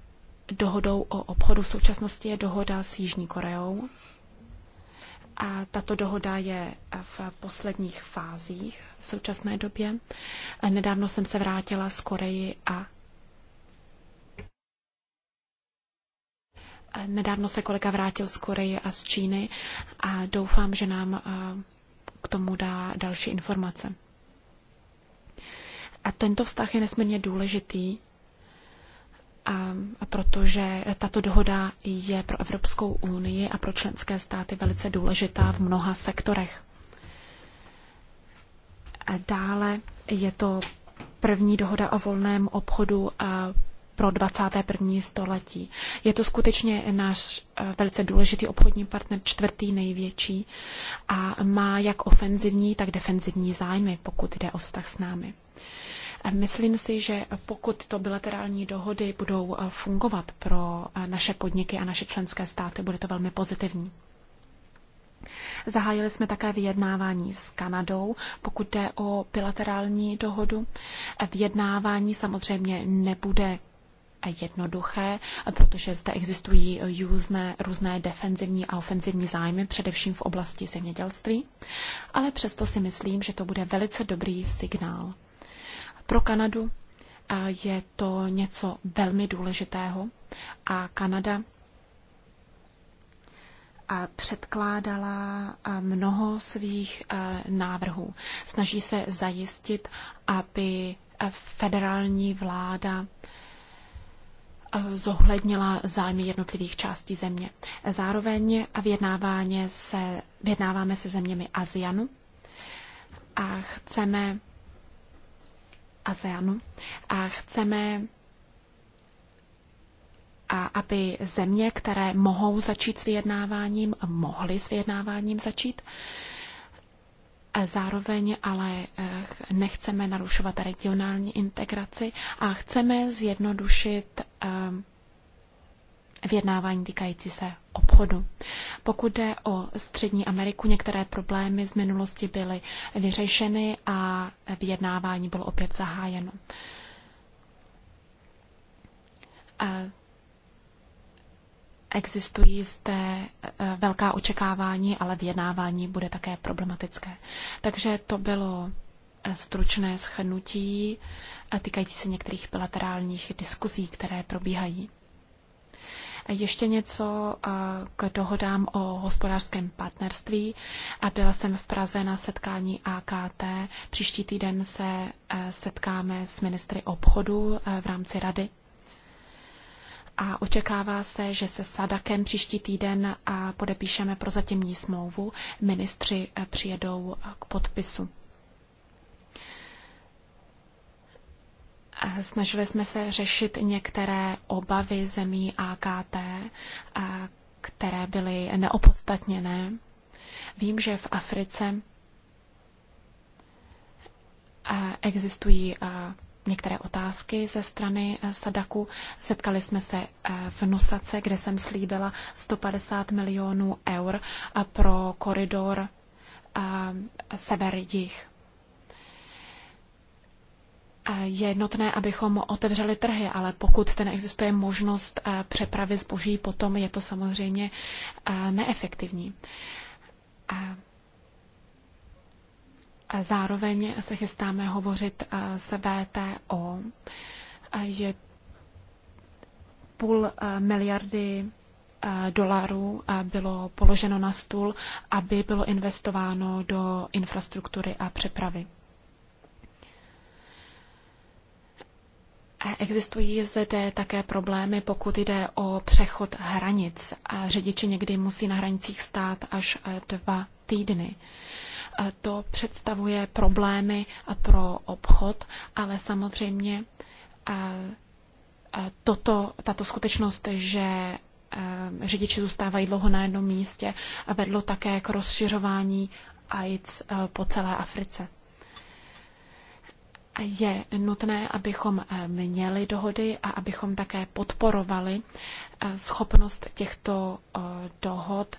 dohodou o obchodu v současnosti je dohoda s Jižní Koreou a tato dohoda je v posledních fázích v současné době. Nedávno jsem se vrátila z Koreji a Nedávno se kolega vrátil z Koreje a z Číny a doufám, že nám k tomu dá další informace. A tento vztah je nesmírně důležitý a protože tato dohoda je pro Evropskou unii a pro členské státy velice důležitá v mnoha sektorech. A dále je to první dohoda o volném obchodu pro 21. století. Je to skutečně náš velice důležitý obchodní partner, čtvrtý největší a má jak ofenzivní, tak defenzivní zájmy, pokud jde o vztah s námi. Myslím si, že pokud to bilaterální dohody budou eh, fungovat pro eh, naše podniky a naše členské státy, bude to velmi pozitivní. Zahájili jsme také vyjednávání s Kanadou, pokud jde o bilaterální dohodu. Vyjednávání samozřejmě nebude jednoduché, protože zde existují různé, různé defenzivní a ofenzivní zájmy, především v oblasti zemědělství, ale přesto si myslím, že to bude velice dobrý signál pro Kanadu je to něco velmi důležitého a Kanada předkládala mnoho svých návrhů. Snaží se zajistit, aby federální vláda zohlednila zájmy jednotlivých částí země. Zároveň vyjednáváme se, vyjednáváme se zeměmi ASEANu a chceme ASEANu a chceme, a aby země, které mohou začít s vyjednáváním, mohly s vyjednáváním začít. A zároveň ale eh, nechceme narušovat regionální integraci a chceme zjednodušit eh, vyjednávání týkající se obchodu. Pokud jde o Střední Ameriku, některé problémy z minulosti byly vyřešeny a vyjednávání bylo opět zahájeno. A existují zde e, velká očekávání, ale vyjednávání bude také problematické. Takže to bylo e, stručné schrnutí e, týkající se některých bilaterálních diskuzí, které probíhají. Ještě něco eh, k dohodám o hospodářském partnerství. Eh, byla jsem v Praze na setkání AKT. Příští týden se eh, setkáme s ministry obchodu v rámci rady a očekává se, že se Sadakem příští týden a podepíšeme prozatímní smlouvu. Ministři přijedou k podpisu. Snažili jsme se řešit některé obavy zemí AKT, které byly neopodstatněné. Vím, že v Africe existují některé otázky ze strany Sadaku. Setkali jsme se v Nusace, kde jsem slíbila 150 milionů eur pro koridor sever jich je nutné, abychom otevřeli trhy, ale pokud zde neexistuje možnost eh, přepravy zboží, potom je to samozřejmě eh, neefektivní. Eh, a zároveň se chystáme hovořit s VTO. Je půl miliardy dolarů bylo položeno na stůl, aby bylo investováno do infrastruktury a přepravy. Existují zde také problémy, pokud jde o přechod hranic. A řidiči někdy musí na hranicích stát až e, dva týdny. E, to představuje problémy e, pro obchod, ale samozřejmě toto, tato skutečnost, že řidiči zůstávají dlouho na jednom místě, vedlo také k rozšiřování AIDS po celé Africe je nutné, abychom eh, měli dohody a abychom také podporovali eh, schopnost těchto eh, dohod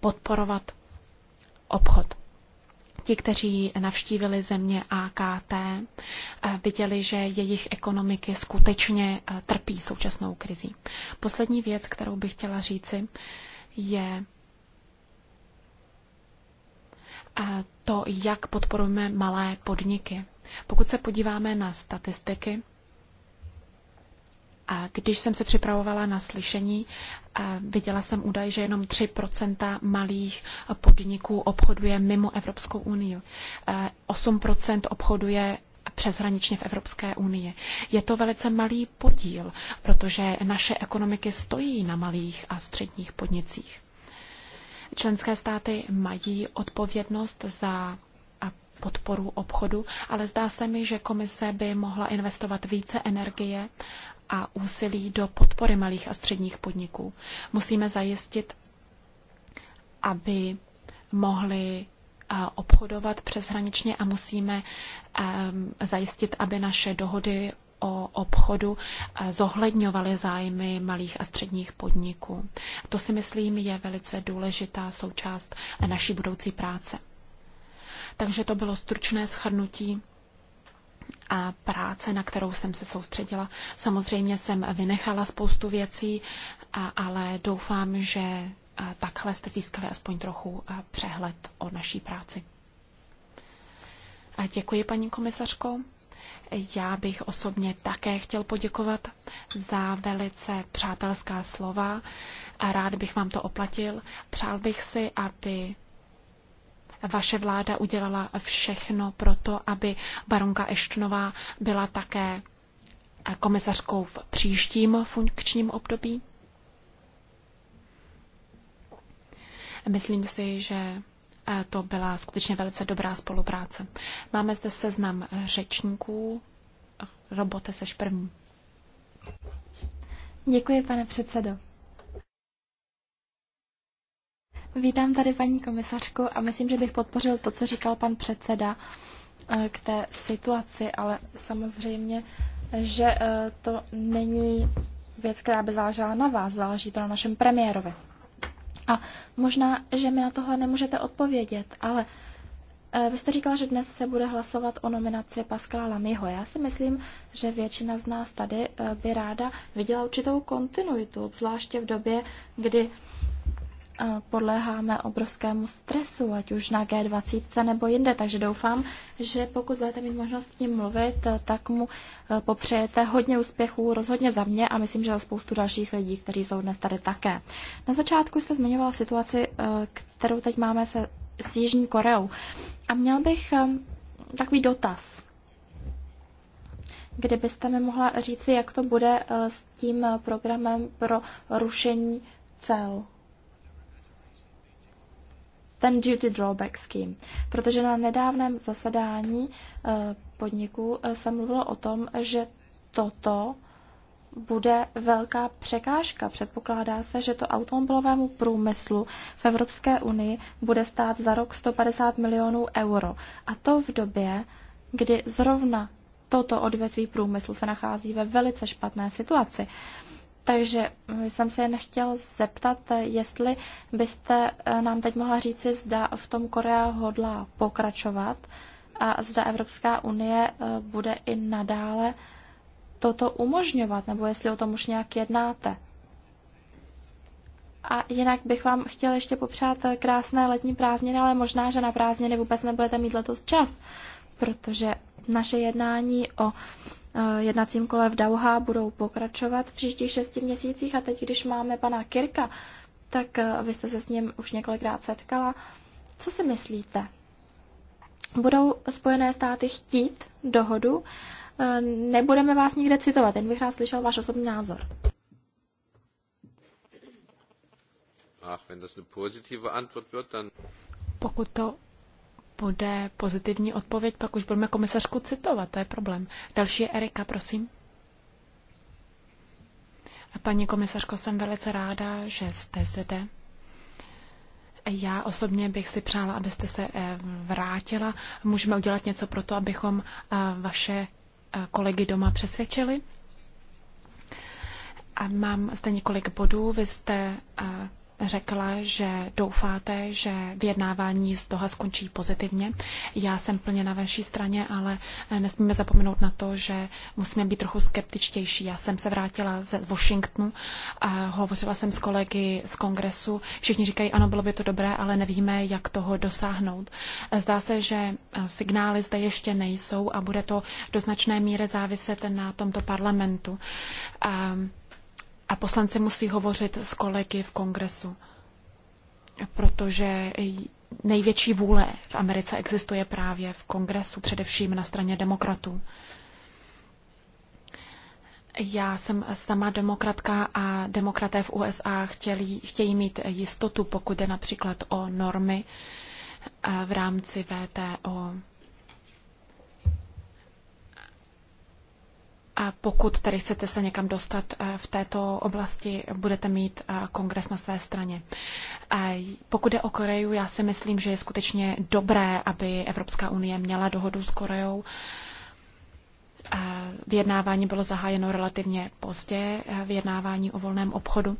podporovat obchod. Ti, kteří navštívili země AKT, viděli, že jejich ekonomiky skutečně trpí současnou krizí. Poslední věc, kterou bych chtěla říci, je to, jak podporujeme malé podniky. Pokud se podíváme na statistiky, a když jsem se připravovala na slyšení, viděla jsem údaj, že jenom 3 malých podniků obchoduje mimo Evropskou unii. 8 obchoduje přeshraničně v Evropské unii. Je to velice malý podíl, protože naše ekonomiky stojí na malých a středních podnicích. Členské státy mají odpovědnost za podporu obchodu, ale zdá se mi, že komise by mohla investovat více energie a úsilí do podpory malých a středních podniků. Musíme zajistit, aby mohli obchodovat přeshraničně a musíme zajistit, aby naše dohody o obchodu zohledňovaly zájmy malých a středních podniků. To si myslím je velice důležitá součást naší budoucí práce. Takže to bylo stručné schrnutí a práce, na kterou jsem se soustředila. Samozřejmě jsem vynechala spoustu věcí, ale doufám, že takhle jste získali aspoň trochu přehled o naší práci. A děkuji, paní komisařko. Já bych osobně také chtěl poděkovat za velice přátelská slova a rád bych vám to oplatil. Přál bych si, aby vaše vláda udělala všechno pro to, aby baronka Eštnová byla také komisařkou v příštím funkčním období? Myslím si, že to byla skutečně velice dobrá spolupráce. Máme zde seznam řečníků. Robote seš první. Děkuji, pane předsedo. Vítám tady paní komisařku a myslím, že bych podpořil to, co říkal pan předseda eh, k té situaci, ale samozřejmě, že eh, to není věc, která by záležela na vás, záleží to na našem premiérovi. A možná, že mi na tohle nemůžete odpovědět, ale eh, vy jste říkala, že dnes se bude hlasovat o nominaci Pascala Lamyho. Já si myslím, že většina z nás tady eh, by ráda viděla určitou kontinuitu, zvláště v době, kdy podléháme obrovskému stresu, ať už na G20 nebo jinde. Takže doufám, že pokud budete mít možnost s ním mluvit, tak mu eh, popřejete hodně úspěchů, rozhodně za mě a myslím, že za spoustu dalších lidí, kteří jsou dnes tady také. Na začátku jste zmiňovala situaci, eh, kterou teď máme se s Jižní Koreou. A měl bych eh, takový dotaz. Kdybyste mi mohla říci, jak to bude s tím programem pro rušení cel? ten duty drawback scheme. Protože na nedávném zasadání eh, podniku eh, se mluvilo o tom, že toto bude velká překážka. Předpokládá se, že to automobilovému průmyslu v Evropské unii bude stát za rok 150 milionů euro. A to v době, kdy zrovna toto odvětví průmyslu se nachází ve velice špatné situaci. Takže jsem se jen chtěl zeptat, jestli byste eh, nám teď mohla říci, zda v tom Korea hodlá pokračovat a zda Evropská unie eh, bude i nadále toto umožňovat, nebo jestli o tom už nějak jednáte. A jinak bych vám chtěl ještě popřát eh, krásné letní prázdniny, ale možná, že na prázdniny vůbec nebudete mít letos čas, protože naše jednání o Eh, jednacím kole v Dauha budou pokračovat v příštích šesti měsících a teď, když máme pana Kirka, tak eh, vy jste se s ním už několikrát setkala. Co si myslíte? Budou Spojené státy chtít dohodu? Eh, nebudeme vás nikde citovat, jen bych rád slyšel váš osobní názor. Ach, wenn das eine positive Antwort wird, dann... Pokud to bude pozitivní odpověď, pak už budeme komisařku citovat, to je problém. Další je Erika, prosím. A paní komisařko, jsem velice ráda, že jste zde. Já osobně bych si přála, abyste se eh, vrátila. Můžeme udělat něco pro to, abychom eh, vaše eh, kolegy doma přesvědčili. A mám zde několik bodů. Vy jste řekla, že doufáte, že vyjednávání z toho skončí pozitivně. Já jsem plně na vaší straně, ale eh, nesmíme zapomenout na to, že musíme být trochu skeptičtější. Já jsem se vrátila z Washingtonu a hovořila jsem s kolegy z kongresu. Všichni říkají, ano, bylo by to dobré, ale nevíme, jak toho dosáhnout. Eh, zdá se, že eh, signály zde ještě nejsou a bude to do značné míry záviset na tomto parlamentu. Um, a poslanci musí hovořit s kolegy v kongresu, protože největší vůle v Americe existuje právě v kongresu, především na straně demokratů. Já jsem sama demokratka a demokraté v USA chtěli, chtějí mít jistotu, pokud jde například o normy eh, v rámci VTO. A pokud tady chcete se někam dostat eh, v této oblasti, budete mít eh, kongres na své straně. A pokud je o Koreju, já si myslím, že je skutečně dobré, aby Evropská unie měla dohodu s Koreou. Vyjednávání bylo zahájeno relativně pozdě, eh, vyjednávání o volném obchodu.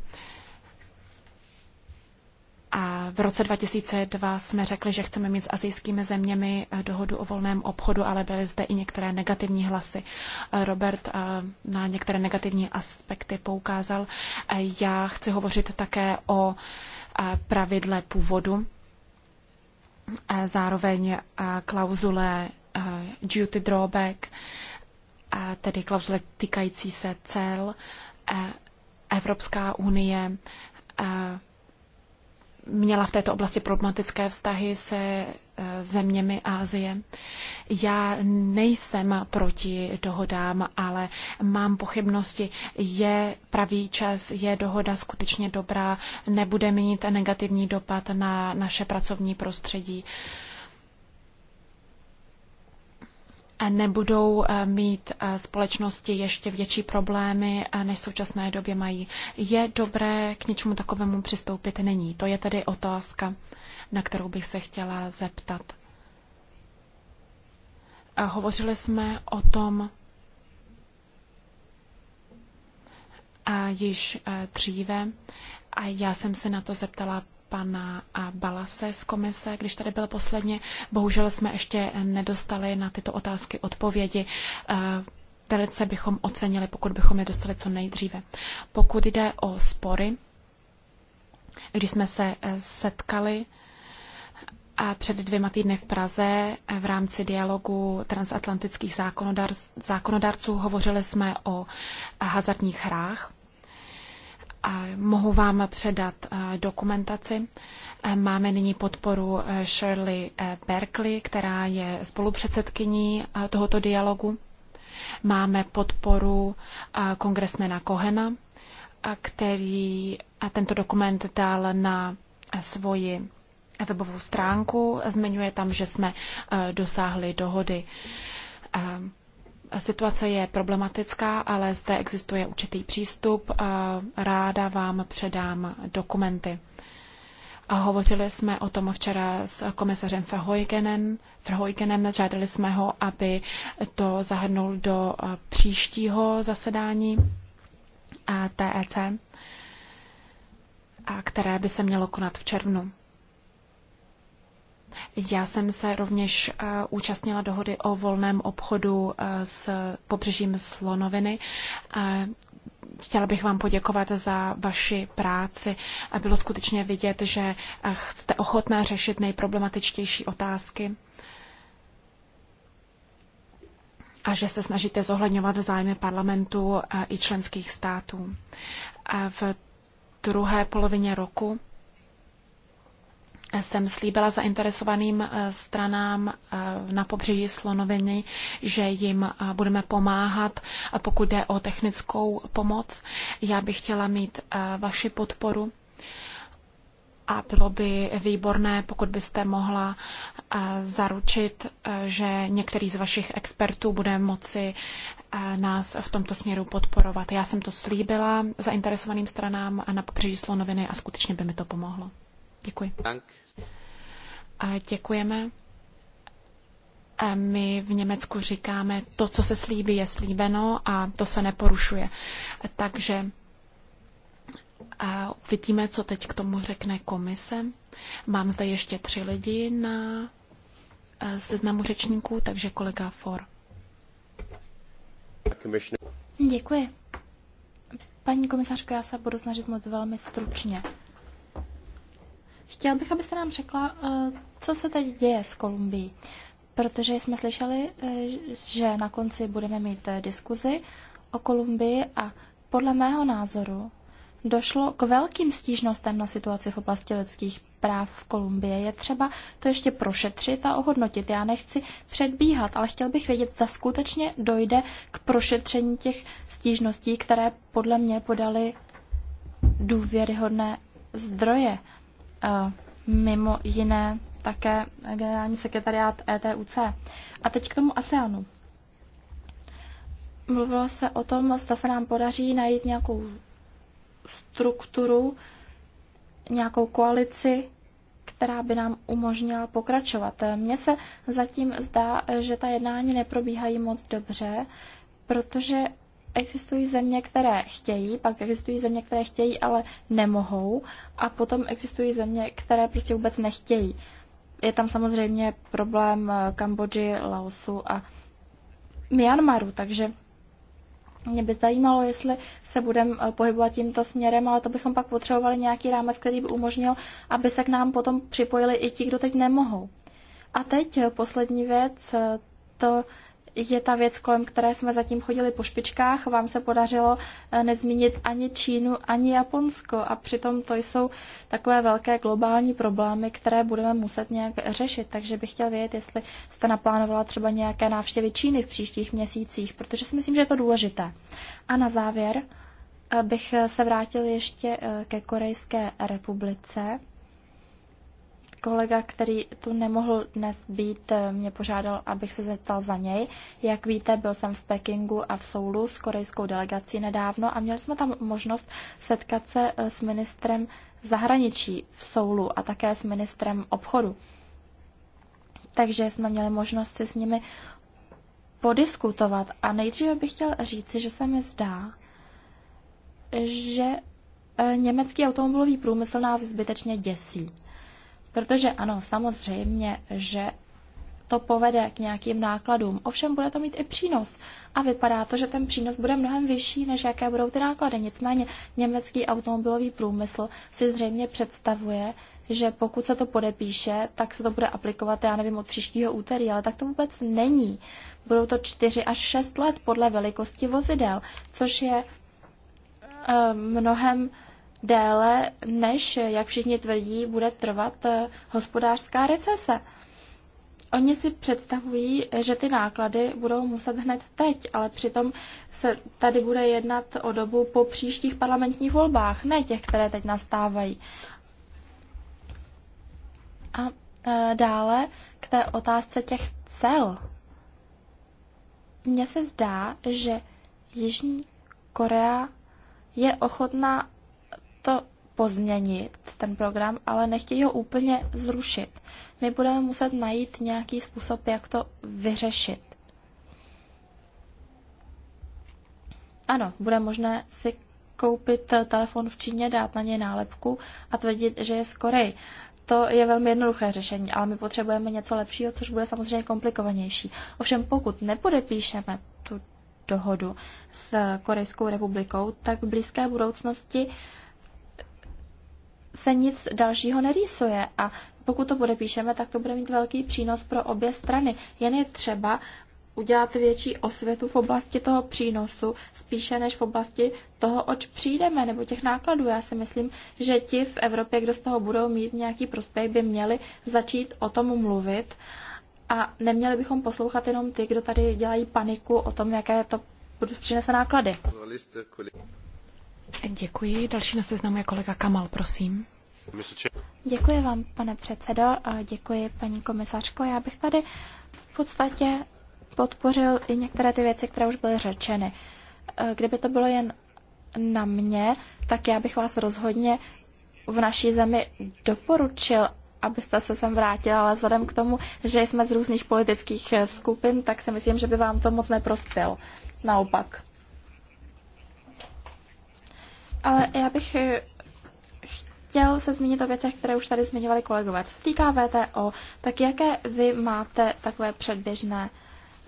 A v roce 2002 jsme řekli, že chceme mít s azijskými zeměmi eh, dohodu o volném obchodu, ale byly zde i některé negativní hlasy. Eh, Robert eh, na některé negativní aspekty poukázal. Já chci hovořit také o pravidle původu, zároveň klauzule duty drawback, tedy klauzule týkající se cel. Evropská unie měla v této oblasti problematické vztahy se eh, zeměmi Ázie. Já nejsem proti dohodám, ale mám pochybnosti, je pravý čas, je dohoda skutečně dobrá, nebude mít negativní dopad na naše pracovní prostředí. Uh, nebudou eh, mít eh, společnosti ještě větší problémy, eh, než v současné době mají. Je dobré k něčemu takovému přistoupit? Není. To je tedy otázka, na kterou bych se chtěla zeptat. Hovořili jsme o tom již dříve a já jsem se na to zeptala pana Balase z komise, když tady byl posledně. Bohužel jsme ještě nedostali na tyto otázky odpovědi. Eh, velice bychom ocenili, pokud bychom je dostali co nejdříve. Pokud jde o spory, když jsme se eh, setkali a eh, před dvěma týdny v Praze v rámci dialogu transatlantických zákonodarců hovořili jsme o hazardních hrách. Mohu vám předat eh, dokumentaci. Eh, máme nyní podporu eh, Shirley Berkeley, která je spolupředsedkyní tohoto dialogu. Máme podporu kongresmena Kohena, který tento dokument dal na svoji webovou stránku. Zmiňuje tam, že jsme dosáhli dohody. Situace je problematická, ale zde existuje určitý přístup. Ráda vám předám dokumenty. A hovořili jsme o tom včera s komisařem Verheugenem, Verheugenem. Žádali jsme ho, aby to zahrnul do příštího zasedání TEC, které by se mělo konat v červnu. Já jsem se rovněž eh, účastnila dohody o volném obchodu eh, s pobřežím Slonoviny. Eh, chtěla bych vám poděkovat za vaši práci. Bylo skutečně vidět, že jste ochotná řešit nejproblematičtější otázky a že se snažíte zohledňovat zájmy parlamentu i členských států. V druhé polovině roku jsem slíbila zainteresovaným eh, stranám eh, na pobřeží Slonoviny, že jim eh, budeme pomáhat, pokud jde o technickou pomoc. Já bych chtěla mít vaši podporu a bylo by výborné, pokud byste mohla zaručit, že některý z vašich expertů bude moci nás v tomto směru podporovat. Já jsem to slíbila zainteresovaným stranám na pobřeží Slonoviny a skutečně by mi to pomohlo. Děkuji. A děkujeme. A my v Německu říkáme, to, co se slíbí, je slíbeno a to se neporušuje. Takže a vidíme, co teď k tomu řekne komise. Mám zde ještě tři lidi na e, seznamu řečníků, takže kolega For. Děkuji. Paní komisařko, já se budu snažit moc velmi stručně. Chtěl bych, abyste nám řekla, eh, co se teď děje s Kolumbií. Protože jsme slyšeli, eh, že na konci budeme mít eh, diskuzi o Kolumbii a podle mého názoru došlo k velkým stížnostem na situaci v oblasti lidských práv v Kolumbii. Je třeba to ještě prošetřit a ohodnotit. Já nechci předbíhat, ale chtěl bych vědět, zda skutečně dojde k prošetření těch stížností, které podle mě podali důvěryhodné zdroje mimo jiné také generální sekretariát ETUC. A teď k tomu ASEANu. Mluvilo se o tom, zda se nám podaří najít nějakou strukturu, nějakou koalici, která by nám umožnila pokračovat. Mně se zatím zdá, že ta jednání neprobíhají moc dobře, protože existují země, které chtějí, pak existují země, které chtějí, ale nemohou a potom existují země, které prostě vůbec nechtějí. Je tam samozřejmě problém eh, Kambodži, Laosu a Myanmaru, takže mě by zajímalo, jestli se budeme eh, pohybovat tímto směrem, ale to bychom pak potřebovali nějaký rámec, který by umožnil, aby se k nám potom připojili i ti, kdo teď nemohou. A teď eh, poslední věc, to je ta věc, kolem které jsme zatím chodili po špičkách. Vám se podařilo eh, nezmínit ani Čínu, ani Japonsko. A přitom to jsou takové velké globální problémy, které budeme muset nějak řešit. Takže bych chtěl vědět, jestli jste naplánovala třeba nějaké návštěvy Číny v příštích měsících, protože si myslím, že je to důležité. A na závěr eh, bych se vrátil ještě eh, ke Korejské republice. Kolega, který tu nemohl dnes být, eh, mě požádal, abych se zeptal za něj. Jak víte, byl jsem v Pekingu a v Soulu s korejskou delegací nedávno a měli jsme tam možnost setkat se eh, s ministrem zahraničí v Soulu a také s ministrem obchodu. Takže jsme měli možnost si s nimi podiskutovat. A nejdříve bych chtěl říci, že se mi zdá, že eh, německý automobilový průmysl nás zbytečně děsí. Protože ano, samozřejmě, že to povede k nějakým nákladům. Ovšem bude to mít i přínos. A vypadá to, že ten přínos bude mnohem vyšší, než jaké budou ty náklady. Nicméně německý automobilový průmysl si zřejmě představuje, že pokud se to podepíše, tak se to bude aplikovat, já nevím, od příštího úterý, ale tak to vůbec není. Budou to 4 až 6 let podle velikosti vozidel, což je eh, mnohem déle, než, jak všichni tvrdí, bude trvat eh, hospodářská recese. Oni si představují, že ty náklady budou muset hned teď, ale přitom se tady bude jednat o dobu po příštích parlamentních volbách, ne těch, které teď nastávají. A eh, dále k té otázce těch cel. Mně se zdá, že Jižní Korea je ochotná to pozměnit, ten program, ale nechtějí ho úplně zrušit. My budeme muset najít nějaký způsob, jak to vyřešit. Ano, bude možné si koupit telefon v Číně, dát na něj nálepku a tvrdit, že je z Koreji. To je velmi jednoduché řešení, ale my potřebujeme něco lepšího, což bude samozřejmě komplikovanější. Ovšem, pokud nepodepíšeme tu dohodu s Korejskou republikou, tak v blízké budoucnosti uh, se nic dalšího nerýsuje a pokud to podepíšeme, tak to bude mít velký přínos pro obě strany. Jen je třeba udělat větší osvětu v oblasti toho přínosu, spíše než v oblasti toho, oč přijdeme, nebo těch nákladů. Já si myslím, že ti v Evropě, kdo z toho budou mít nějaký prospěch, by měli začít o tom mluvit a neměli bychom poslouchat jenom ty, kdo tady dělají paniku o tom, jaké to přinese náklady. Děkuji. Další na seznamu je kolega Kamal, prosím. Děkuji vám, pane předsedo, a děkuji, paní komisařko. Já bych tady v podstatě podpořil i některé ty věci, které už byly řečeny. E, kdyby to bylo jen na mě, tak já bych vás rozhodně v naší zemi doporučil, abyste se sem vrátila, ale vzhledem k tomu, že jsme z různých politických skupin, tak si myslím, že by vám to moc neprospělo. Naopak. Ale já bych eh, chtěl se zmínit o věcech, které už tady zmiňovali kolegové. Co se týká VTO, tak jaké vy máte takové předběžné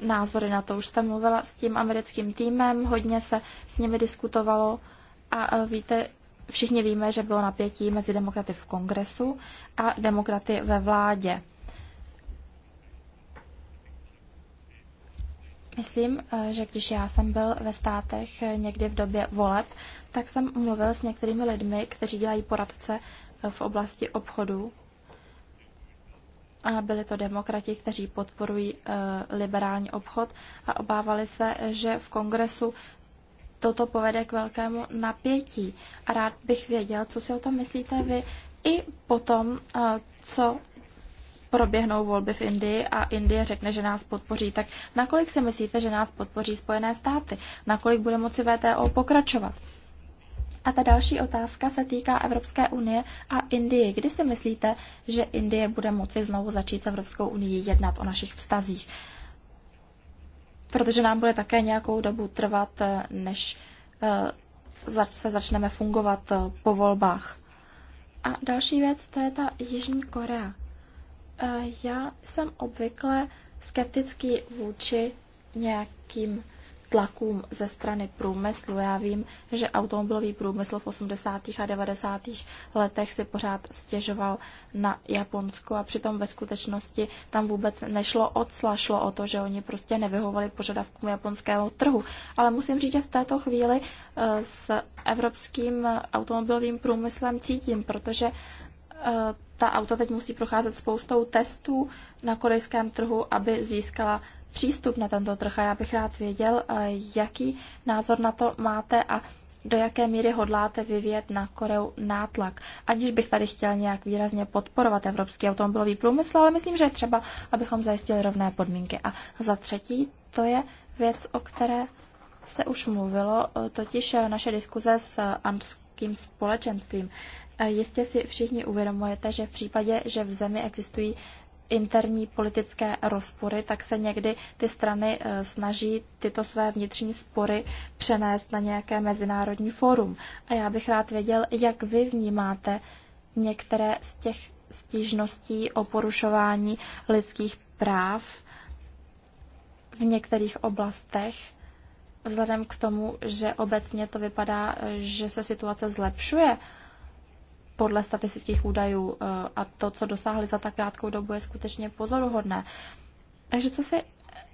názory na to? Už jste mluvila s tím americkým týmem, hodně se s nimi diskutovalo a eh, víte, všichni víme, že bylo napětí mezi demokraty v kongresu a demokraty ve vládě. Myslím, eh, že když já jsem byl ve státech někdy v době voleb, tak jsem mluvil s některými lidmi, kteří dělají poradce eh, v oblasti obchodu. A byli to demokrati, kteří podporují eh, liberální obchod a obávali se, že v kongresu toto povede k velkému napětí. A rád bych věděl, co si o tom myslíte vy i potom, eh, co proběhnou volby v Indii a Indie řekne, že nás podpoří, tak nakolik si myslíte, že nás podpoří Spojené státy? Nakolik bude moci VTO pokračovat? A ta další otázka se týká Evropské unie a Indie. Kdy si myslíte, že Indie bude moci znovu začít s Evropskou unii jednat o našich vztazích? Protože nám bude také nějakou dobu trvat, eh, než eh, se začneme fungovat eh, po volbách. A další věc, to je ta Jižní Korea. Já jsem obvykle skeptický vůči nějakým tlakům ze strany průmyslu. Já vím, že automobilový průmysl v 80. a 90. letech si pořád stěžoval na Japonsko a přitom ve skutečnosti tam vůbec nešlo o šlo o to, že oni prostě nevyhovovali požadavkům japonského trhu. Ale musím říct, že v této chvíli eh, s evropským automobilovým průmyslem cítím, protože eh, ta auta teď musí procházet spoustou testů na korejském trhu, aby získala přístup na tento trh a já bych rád věděl, eh, jaký názor na to máte a do jaké míry hodláte vyvíjet na Koreu nátlak. Aniž bych tady chtěl nějak výrazně podporovat evropský automobilový průmysl, ale myslím, že je třeba, abychom zajistili rovné podmínky. A za třetí, to je věc, o které se už mluvilo, eh, totiž eh, naše diskuze s andským společenstvím. Jistě si všichni uvědomujete, že v případě, že v zemi existují interní politické rozpory, tak se někdy ty strany eh, snaží tyto své vnitřní spory přenést na nějaké mezinárodní fórum. A já bych rád věděl, jak vy vnímáte některé z těch stížností o porušování lidských práv v některých oblastech, vzhledem k tomu, že obecně to vypadá, eh, že se situace zlepšuje podle statistických údajů eh, a to, co dosáhli za tak krátkou dobu, je skutečně pozoruhodné. Takže co si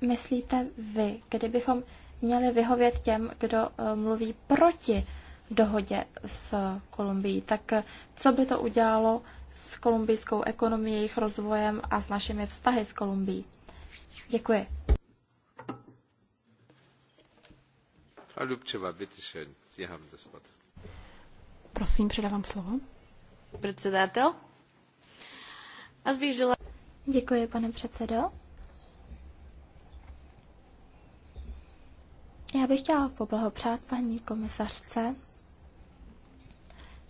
myslíte vy, kdybychom měli vyhovět těm, kdo eh, mluví proti dohodě s Kolumbií, tak eh, co by to udělalo s kolumbijskou ekonomií, jejich rozvojem a s našimi vztahy s Kolumbií? Děkuji. Frau Lubčeva, bitte schön, Sie haben das Wort. Prosím, předávám slovo. Předsedatel. A bych žela... Děkuji, pane předsedo. Já bych chtěla poblahopřát paní komisařce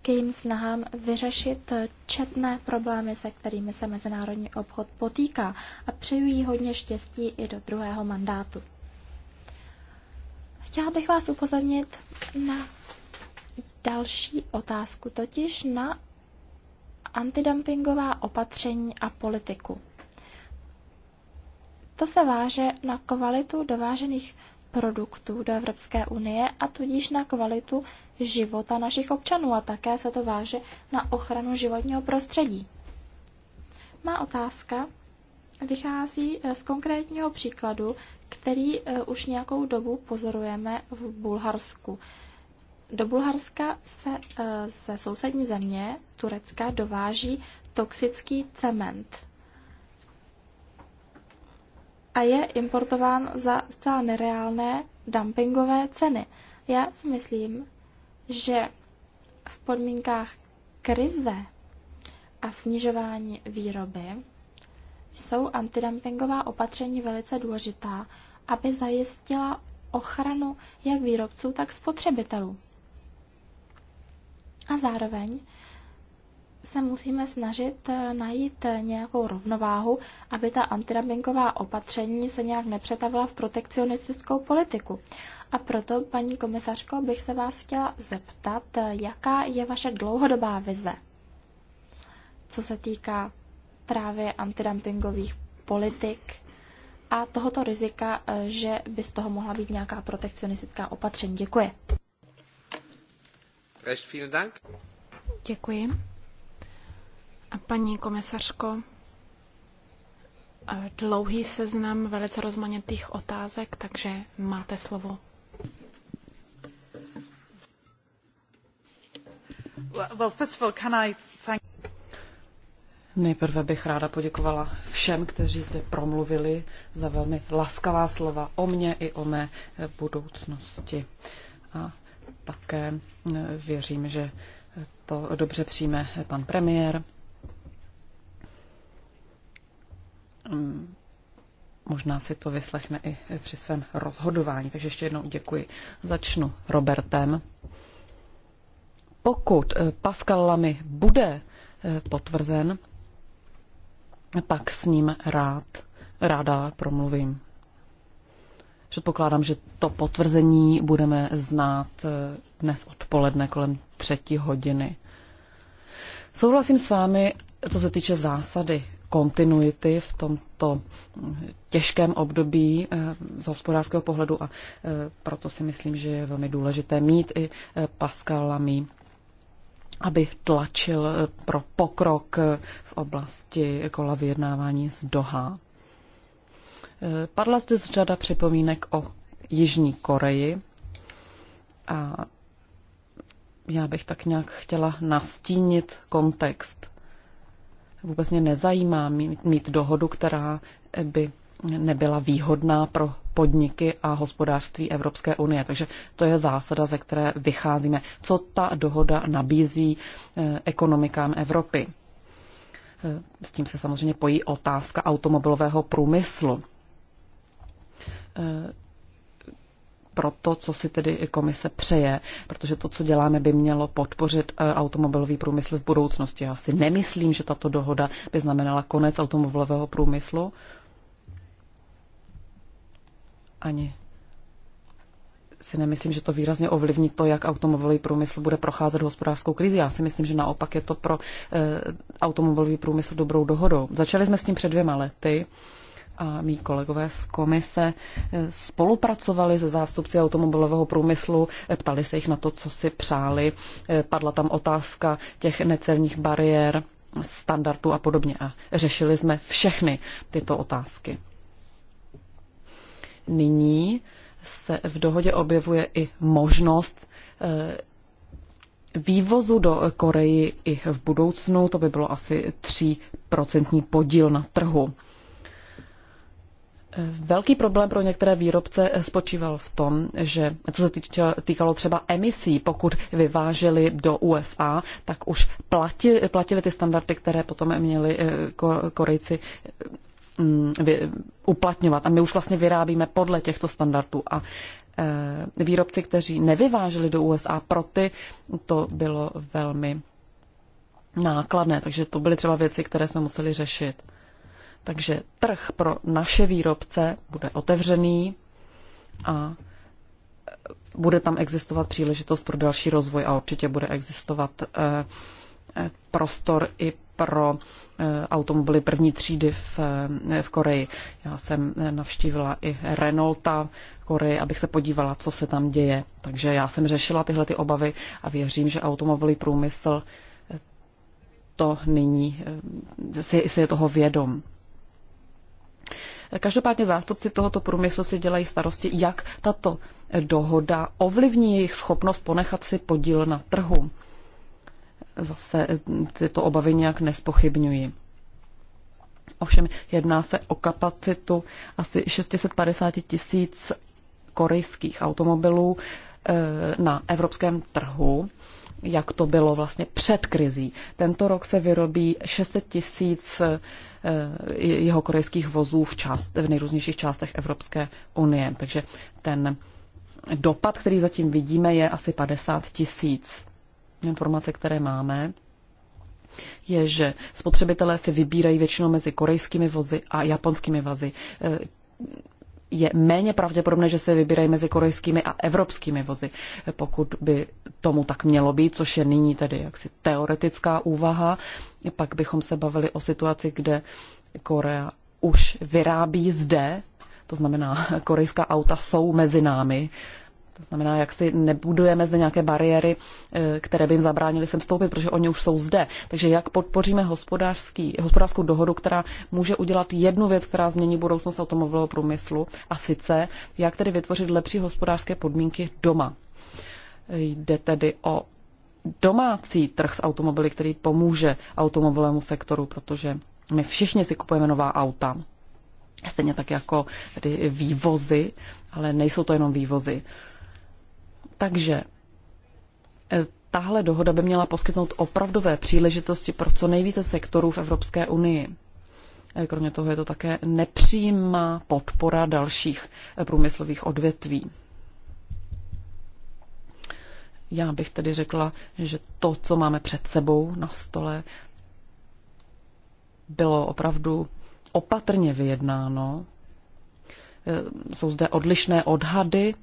k jejím snahám vyřešit četné problémy, se kterými se mezinárodní obchod potýká a přeju jí hodně štěstí i do druhého mandátu. Chtěla bych vás upozornit na další otázku, totiž na antidumpingová opatření a politiku. To se váže na kvalitu dovážených produktů do Evropské unie a tudíž na kvalitu života našich občanů a také se to váže na ochranu životního prostředí. Má otázka vychází eh, z konkrétního příkladu, který eh, už nějakou dobu pozorujeme v Bulharsku. Do Bulharska se eh, ze sousední země Turecka dováží toxický cement. A je importován za zcela nereálné dumpingové ceny. Já si myslím, že v podmínkách krize a snižování výroby jsou antidumpingová opatření velice důležitá, aby zajistila ochranu jak výrobců, tak spotřebitelů. A zároveň se musíme snažit eh, najít eh, nějakou rovnováhu, aby ta antirabinková opatření se nějak nepřetavila v protekcionistickou politiku. A proto, paní komisařko, bych se vás chtěla zeptat, eh, jaká je vaše dlouhodobá vize, co se týká právě antidumpingových politik a tohoto rizika, že by z toho mohla být nějaká protekcionistická opatření. Děkuji. Recht vielen Dank. Děkuji. A paní komisařko, eh, dlouhý seznam velice rozmanitých otázek, takže máte slovo. Nejprve bych ráda poděkovala všem, kteří zde promluvili za velmi laskavá slova o mně i o mé budoucnosti. A také eh, věřím, že to dobře přijme pan premiér. Mm, možná si to vyslechne i při svém rozhodování. Takže ještě jednou děkuji. Začnu Robertem. Pokud eh, Pascal Lamy bude eh, potvrzen, pak s ním rád, ráda promluvím. Předpokládám, že to potvrzení budeme znát eh, dnes odpoledne kolem třetí hodiny. Souhlasím s vámi, co se týče zásady kontinuity v tomto eh, těžkém období eh, z hospodářského pohledu a proto si myslím, že je velmi důležité mít i Pascal Lamy, aby tlačil pro pokrok v oblasti kola vyjednávání z Doha. Padla zde z řada připomínek o Jižní Koreji a já bych tak nějak chtěla nastínit kontext. Vůbec mě nezajímá mít, mít dohodu, která by nebyla výhodná pro podniky a hospodářství Evropské unie. Takže to je zásada, ze které vycházíme. Co ta dohoda nabízí eh, ekonomikám Evropy? Eh, s tím se samozřejmě pojí otázka automobilového průmyslu. Eh, pro to, co si tedy komise přeje, protože to, co děláme, by mělo podpořit eh, automobilový průmysl v budoucnosti. Já si nemyslím, že tato dohoda by znamenala konec automobilového průmyslu. Ani si nemyslím, že to výrazně ovlivní to, jak automobilový průmysl bude procházet hospodářskou krizi. Já si myslím, že naopak je to pro e, automobilový průmysl dobrou dohodou. Začali jsme s tím před dvěma lety. E, a mý kolegové z komise eh, spolupracovali se zástupci automobilového průmyslu, eh, ptali se jich na to, co si přáli. Eh, padla tam otázka těch necelních bariér, standardů a podobně. A řešili jsme všechny tyto otázky. Nyní se v dohodě objevuje i možnost vývozu do Koreji i v budoucnu. To by bylo asi 3% podíl na trhu. Velký problém pro některé výrobce spočíval v tom, že co se týkalo třeba emisí, pokud vyváželi do USA, tak už platili, platili ty standardy, které potom měli eh, Korejci mm, uplatňovat. A my už vlastně vyrábíme podle těchto standardů. A eh, výrobci, kteří nevyváželi do USA, pro ty to bylo velmi nákladné. Takže to byly třeba věci, které jsme museli řešit. Takže trh pro naše výrobce bude otevřený a bude tam existovat příležitost pro další rozvoj a určitě bude existovat eh, eh, prostor i pro eh, automobily první třídy v, v Koreji. Já jsem navštívila i Renaulta v Koreji, abych se podívala, co se tam děje. Takže já jsem řešila tyhle ty obavy a věřím, že automobilový průmysl to nyní si, si je toho vědom. Každopádně zástupci tohoto průmyslu si dělají starosti, jak tato dohoda ovlivní jejich schopnost ponechat si podíl na trhu. Zase eh, tyto obavy nějak nespochybňují. Ovšem jedná se o kapacitu asi 650 tisíc korejských automobilů eh, na evropském trhu jak to bylo vlastně před krizí. Tento rok se vyrobí 600 tisíc eh, jeho korejských vozů v, část, v nejrůznějších částech Evropské unie. Takže ten dopad, který zatím vidíme, je asi 50 tisíc. Informace, které máme, je, že spotřebitelé si vybírají většinou mezi korejskými vozy a japonskými vozy. Eh, je méně pravděpodobné, že se vybírají mezi korejskými a evropskými vozy, pokud by tomu tak mělo být, což je nyní tedy jaksi teoretická úvaha. Pak bychom se bavili o situaci, kde Korea už vyrábí zde, to znamená, korejská auta jsou mezi námi, to znamená, jak si nebudujeme zde nějaké bariéry, eh, které by jim zabránily sem vstoupit, protože oni už jsou zde. Takže jak podpoříme hospodářský, hospodářskou dohodu, která může udělat jednu věc, která změní budoucnost automobilového průmyslu, a sice jak tedy vytvořit lepší hospodářské podmínky doma. Jde tedy o domácí trh s automobily, který pomůže automobilovému sektoru, protože my všichni si kupujeme nová auta, stejně tak jako tedy vývozy, ale nejsou to jenom vývozy. Takže e, tahle dohoda by měla poskytnout opravdové příležitosti pro co nejvíce sektorů v Evropské unii. E, kromě toho je to také nepřímá podpora dalších e, průmyslových odvětví. Já bych tedy řekla, že to, co máme před sebou na stole, bylo opravdu opatrně vyjednáno. Jsou zde odlišné odhady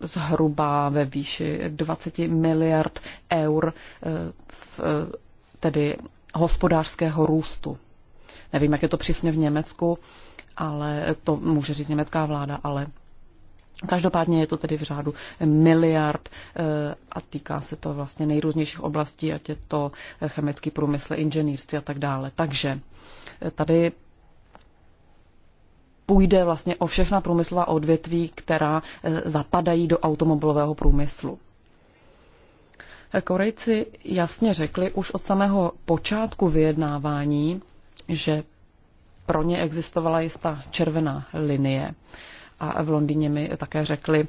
zhruba ve výši 20 miliard eur eh, v, eh, tedy hospodářského růstu. Nevím, jak je to přesně v Německu, ale to může říct německá vláda, ale Každopádně je to tedy v řádu miliard eh, a týká se to vlastně nejrůznějších oblastí, ať je to chemický průmysl, inženýrství a tak dále. Takže tady půjde vlastně o všechna průmyslová odvětví, která e, zapadají do automobilového průmyslu. E, Korejci jasně řekli už od samého počátku vyjednávání, že pro ně existovala jistá červená linie. A v Londýně mi také řekli,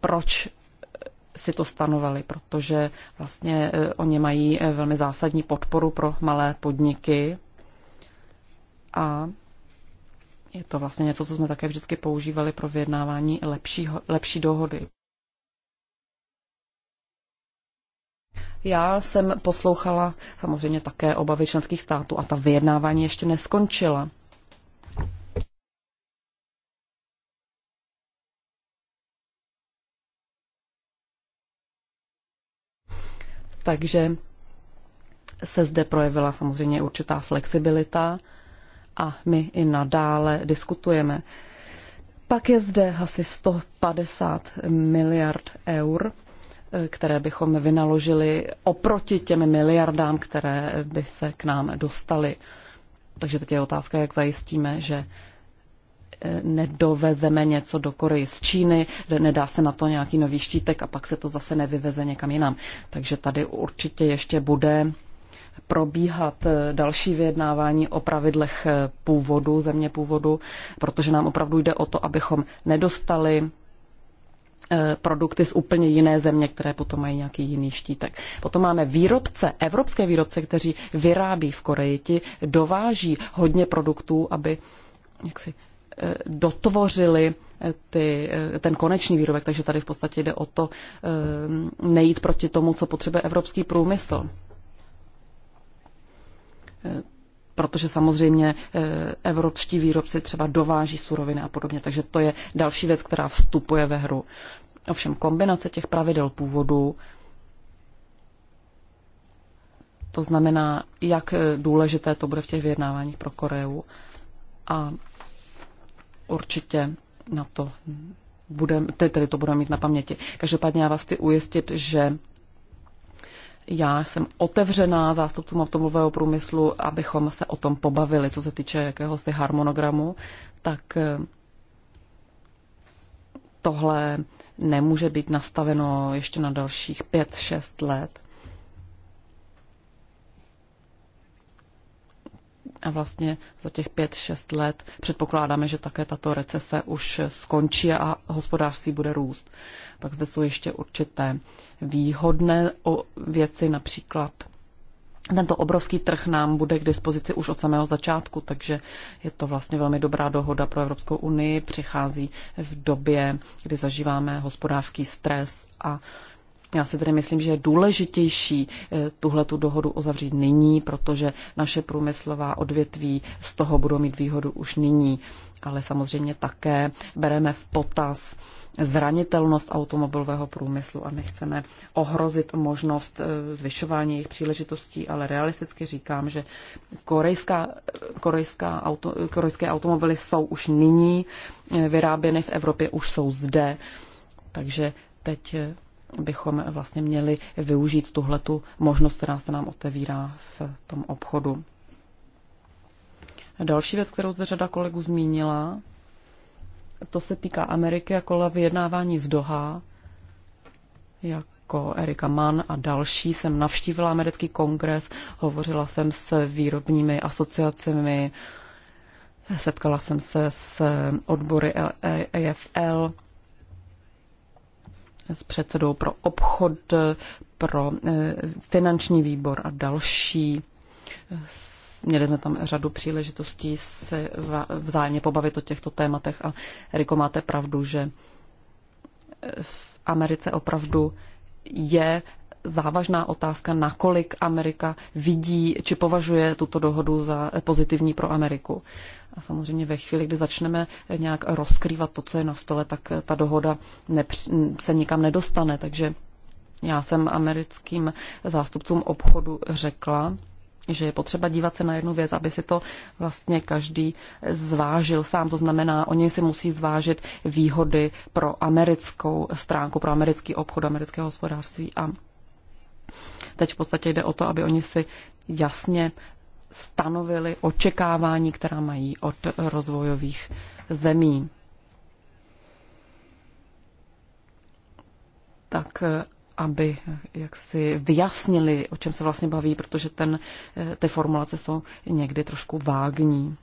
proč e, si to stanovali, protože vlastně oni mají velmi zásadní podporu pro malé podniky a je to vlastně něco, co jsme také vždycky používali pro vyjednávání lepšího, lepší dohody. Já jsem poslouchala samozřejmě také obavy členských států a ta vyjednávání ještě neskončila. Takže se zde projevila samozřejmě určitá flexibilita a my i nadále diskutujeme. Pak je zde asi 150 miliard eur, eh, které bychom vynaložili oproti těm miliardám, které by se k nám dostaly. Takže teď je otázka, jak zajistíme, že eh, nedovezeme něco do Koreji z Číny, nedá se na to nějaký nový štítek a pak se to zase nevyveze někam jinam. Takže tady určitě ještě bude probíhat eh, další vyjednávání o pravidlech eh, původu, země původu, protože nám opravdu jde o to, abychom nedostali eh, produkty z úplně jiné země, které potom mají nějaký jiný štítek. Potom máme výrobce, evropské výrobce, kteří vyrábí v Koreji, ti dováží hodně produktů, aby jaksi, dotvořili ty, ten konečný výrobek, takže tady v podstatě jde o to nejít proti tomu, co potřebuje evropský průmysl. Eh, protože samozřejmě eh, evropští výrobci třeba dováží suroviny a podobně, takže to je další věc, která vstupuje ve hru. Ovšem kombinace těch pravidel původu, to znamená, jak eh, důležité to bude v těch vyjednáváních pro Koreu a určitě na to budeme, tedy to budeme mít na paměti. Každopádně já vás chci ujistit, že já jsem otevřená zástupcům automobilového průmyslu, abychom se o tom pobavili, co se týče jakéhosi harmonogramu, tak eh, tohle nemůže být nastaveno ještě na dalších 5-6 let. A vlastně za těch 5-6 let předpokládáme, že také tato recese už skončí a hospodářství bude růst. Pak zde jsou ještě určité výhodné věci, například tento obrovský trh nám bude k dispozici už od samého začátku, takže je to vlastně velmi dobrá dohoda pro Evropskou unii. Přichází v době, kdy zažíváme hospodářský stres a já si tedy myslím, že je důležitější eh, tuhle tu dohodu uzavřít nyní, protože naše průmyslová odvětví z toho budou mít výhodu už nyní. Ale samozřejmě také bereme v potaz zranitelnost automobilového průmyslu a nechceme ohrozit možnost eh, zvyšování jejich příležitostí, ale realisticky říkám, že korejská, korejská auto, korejské automobily jsou už nyní eh, vyráběny v Evropě, už jsou zde, takže teď bychom vlastně měli využít tuhletu možnost, která se nám otevírá v tom obchodu. Další věc, kterou zde řada kolegů zmínila, to se týká Ameriky jako vyjednávání z Doha. Jako Erika Mann a další jsem navštívila americký kongres, hovořila jsem s výrobními asociacemi, setkala jsem se s odbory AFL. E- e- e s předsedou pro obchod, pro eh, finanční výbor a další. Měli jsme tam řadu příležitostí se vzájemně pobavit o těchto tématech a Riko, máte pravdu, že v Americe opravdu je závažná otázka, nakolik Amerika vidí či považuje tuto dohodu za eh, pozitivní pro Ameriku. A samozřejmě ve chvíli, kdy začneme eh, nějak rozkrývat to, co je na stole, tak eh, ta dohoda se nikam nedostane. Takže já jsem americkým zástupcům obchodu řekla, že je potřeba dívat se na jednu věc, aby si to vlastně každý zvážil sám. To znamená, oni si musí zvážit výhody pro americkou stránku, pro americký obchod, americké hospodářství a Teď v podstatě jde o to, aby oni si jasně stanovili očekávání, která mají od rozvojových zemí. Tak eh, aby eh, jak si vyjasnili, o čem se vlastně baví, protože ten, eh, ty formulace jsou někdy trošku vágní.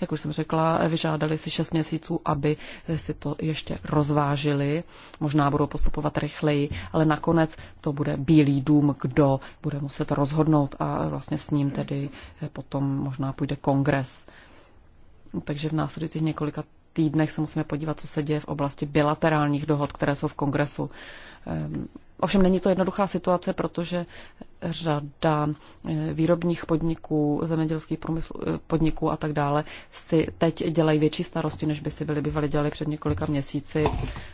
jak už jsem řekla, vyžádali si 6 měsíců, aby si to ještě rozvážili. Možná budou postupovat rychleji, ale nakonec to bude Bílý dům, kdo bude muset rozhodnout a vlastně s ním tedy potom možná půjde kongres. Takže v následujících několika týdnech se musíme podívat, co se děje v oblasti bilaterálních dohod, které jsou v kongresu. Ehm, Ovšem není to jednoduchá situace, protože řada eh, výrobních podniků, zemědělských průmysl, eh, podniků a tak dále si teď dělají větší starosti, než by si byli bývali dělali před několika měsíci.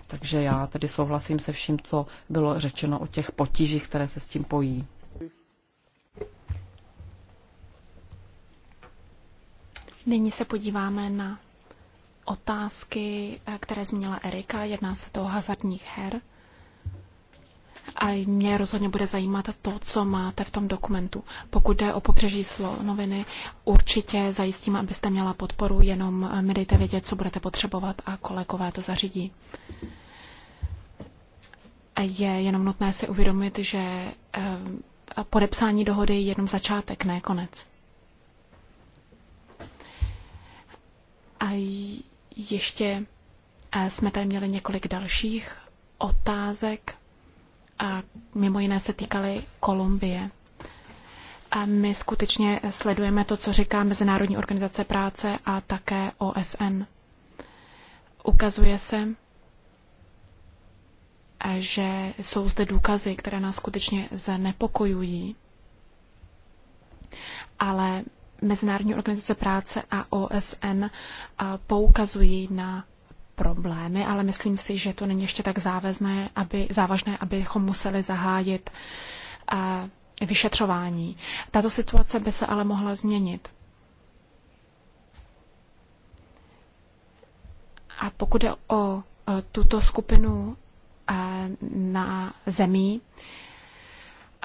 Takže já tedy souhlasím se vším, co bylo řečeno o těch potížích, které se s tím pojí. Nyní se podíváme na otázky, eh, které zmínila Erika. Jedná se to o hazardních her. A mě rozhodně bude zajímat to, co máte v tom dokumentu. Pokud jde o pobřeží slonoviny, určitě zajistím, abyste měla podporu, jenom eh, mi dejte vědět, co budete potřebovat a kolegové to zařídí. Je jenom nutné si uvědomit, že eh, podepsání dohody je jenom začátek, ne konec. A ještě eh, jsme tady měli několik dalších otázek a mimo jiné se týkaly Kolumbie. A my skutečně sledujeme to, co říká Mezinárodní organizace práce a také OSN. Ukazuje se, že jsou zde důkazy, které nás skutečně znepokojují. Ale Mezinárodní organizace práce a OSN poukazují na problémy, ale myslím si, že to není ještě tak závazné, aby, závažné abychom museli zahájit a, vyšetřování. Tato situace by se ale mohla změnit. A pokud je o tuto skupinu na zemí,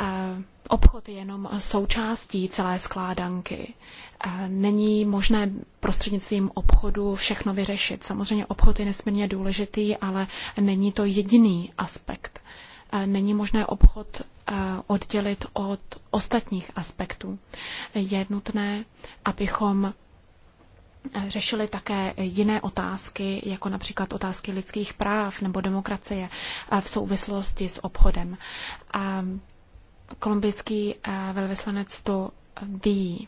Eh, obchod je jenom součástí celé skládanky. Eh, není možné prostřednictvím obchodu všechno vyřešit. Samozřejmě obchod je nesmírně důležitý, ale není to jediný aspekt. Eh, není možné obchod oddělit od ostatních aspektů. Je nutné, abychom řešili také jiné otázky, jako například otázky lidských práv nebo demokracie v souvislosti s obchodem. A kolumbijský eh, velvyslanec to ví.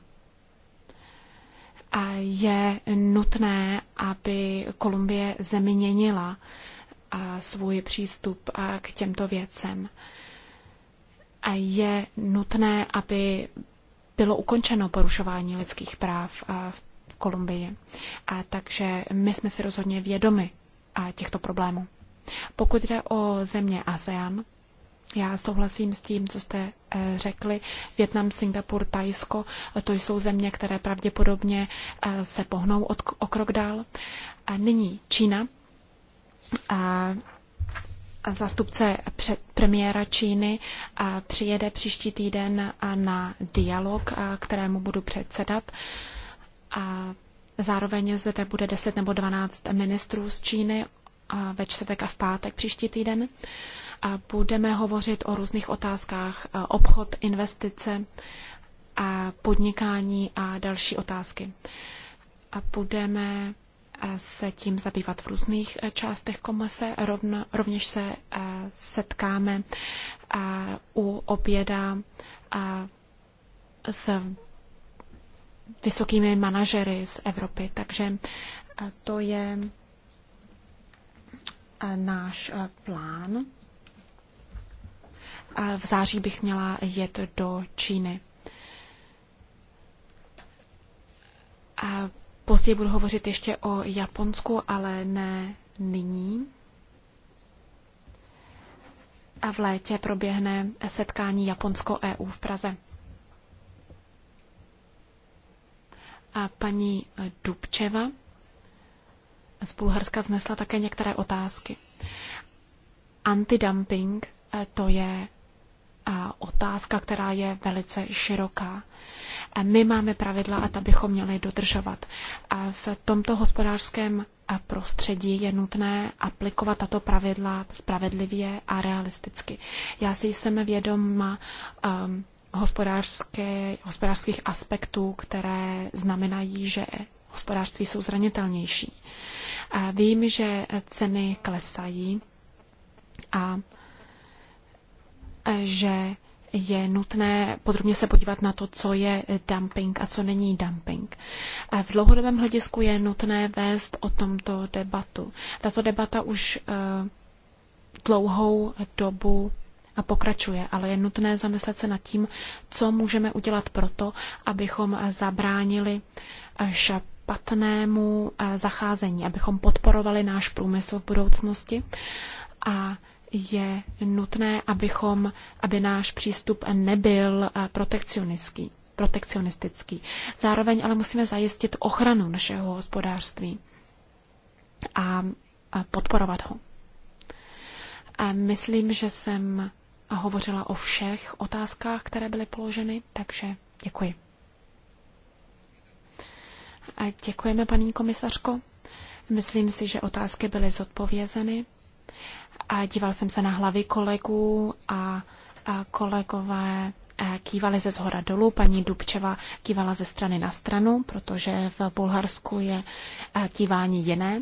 A je nutné, aby Kolumbie zeměnila eh, svůj přístup eh, k těmto věcem. A je nutné, aby bylo ukončeno porušování lidských práv v Kolumbii. A takže my jsme si rozhodně vědomi těchto problémů. Pokud jde o země ASEAN, já souhlasím s tím, co jste eh, řekli. Větnam, Singapur, Tajsko, eh, to jsou země, které pravděpodobně eh, se pohnou od, o krok dál. A nyní Čína. A zástupce před premiéra Číny přijede příští týden na dialog, kterému budu předsedat. A zároveň zde bude 10 nebo 12 ministrů z Číny ve čtvrtek a v pátek příští týden. A a budeme hovořit o různých otázkách e, obchod, investice, a podnikání a další otázky. A budeme e, se tím zabývat v různých e, částech komise. rovněž se setkáme u oběda s vysokými manažery z Evropy. Takže to je náš plán. A v září bych měla jet do Číny. A později budu hovořit ještě o Japonsku, ale ne nyní. A v létě proběhne setkání Japonsko-EU v Praze. A paní Dubčeva z Bulharska vznesla také některé otázky. Antidumping eh, to je otázka, která je velice široká. My máme pravidla a ta bychom měli dodržovat. A v tomto hospodářském prostředí je nutné aplikovat tato pravidla spravedlivě a realisticky. Já si jsem vědoma um, hospodářské, hospodářských aspektů, které znamenají, že hospodářství jsou zranitelnější. A vím, že ceny klesají a že je nutné podrobně se podívat na to, co je dumping a co není dumping. V dlouhodobém hledisku je nutné vést o tomto debatu. Tato debata už eh, dlouhou dobu a pokračuje, ale je nutné zamyslet se nad tím, co můžeme udělat proto, abychom zabránili špatnému eh, zacházení, abychom podporovali náš průmysl v budoucnosti a je nutné, abychom, aby náš přístup nebyl eh, protekcionistický. protekcionistický. Zároveň ale musíme zajistit ochranu našeho hospodářství a podporovat ho. A myslím, že jsem hovořila o všech otázkách, které byly položeny, takže děkuji. A děkujeme, paní komisařko. Myslím si, že otázky byly zodpovězeny. A díval jsem se na hlavy kolegů a, a kolegové eh, kývali ze zhora dolů, paní Dubčeva kývala ze strany na stranu, protože v Bulharsku je eh, kývání jiné.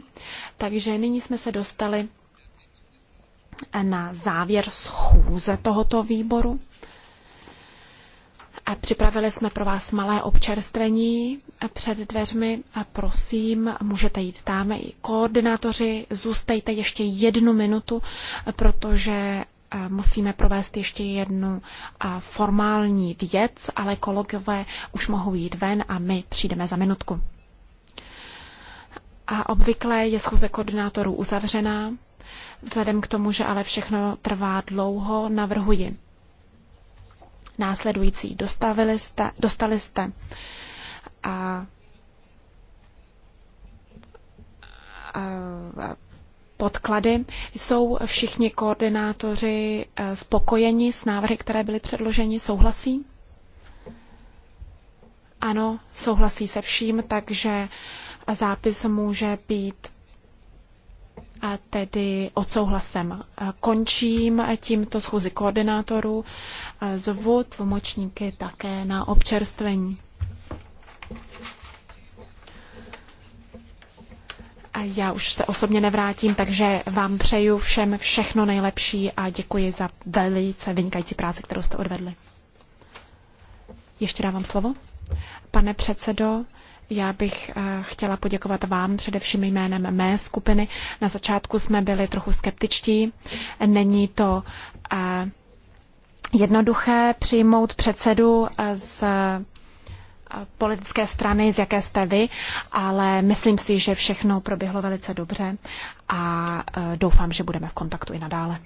Takže nyní jsme se dostali eh, na závěr schůze tohoto výboru. A připravili jsme pro vás malé občerstvení před dveřmi a prosím, můžete jít tam. I koordinátoři, zůstejte ještě jednu minutu, protože eh, musíme provést ještě jednu eh, formální věc, ale kolegové už mohou jít ven a my přijdeme za minutku. A obvykle je schůze koordinátorů uzavřená. Vzhledem k tomu, že ale všechno trvá dlouho, navrhuji následující. Dostavili jste, dostali jste a, a podklady. Jsou všichni koordinátoři e, spokojeni s návrhy, které byly předloženy? Souhlasí? Ano, souhlasí se vším, takže zápis může být a tedy odsouhlasem. E, končím tímto schůzi koordinátorů. E, Zvu tlumočníky také na občerstvení. Já už se osobně nevrátím, takže vám přeju všem všechno nejlepší a děkuji za velice vynikající práci, kterou jste odvedli. Ještě dávám slovo. Pane předsedo, já bych eh, chtěla poděkovat vám především jménem mé skupiny. Na začátku jsme byli trochu skeptičtí. Není to eh, jednoduché přijmout předsedu eh, z politické strany, z jaké jste vy, ale myslím si, že všechno proběhlo velice dobře a e, doufám, že budeme v kontaktu i nadále.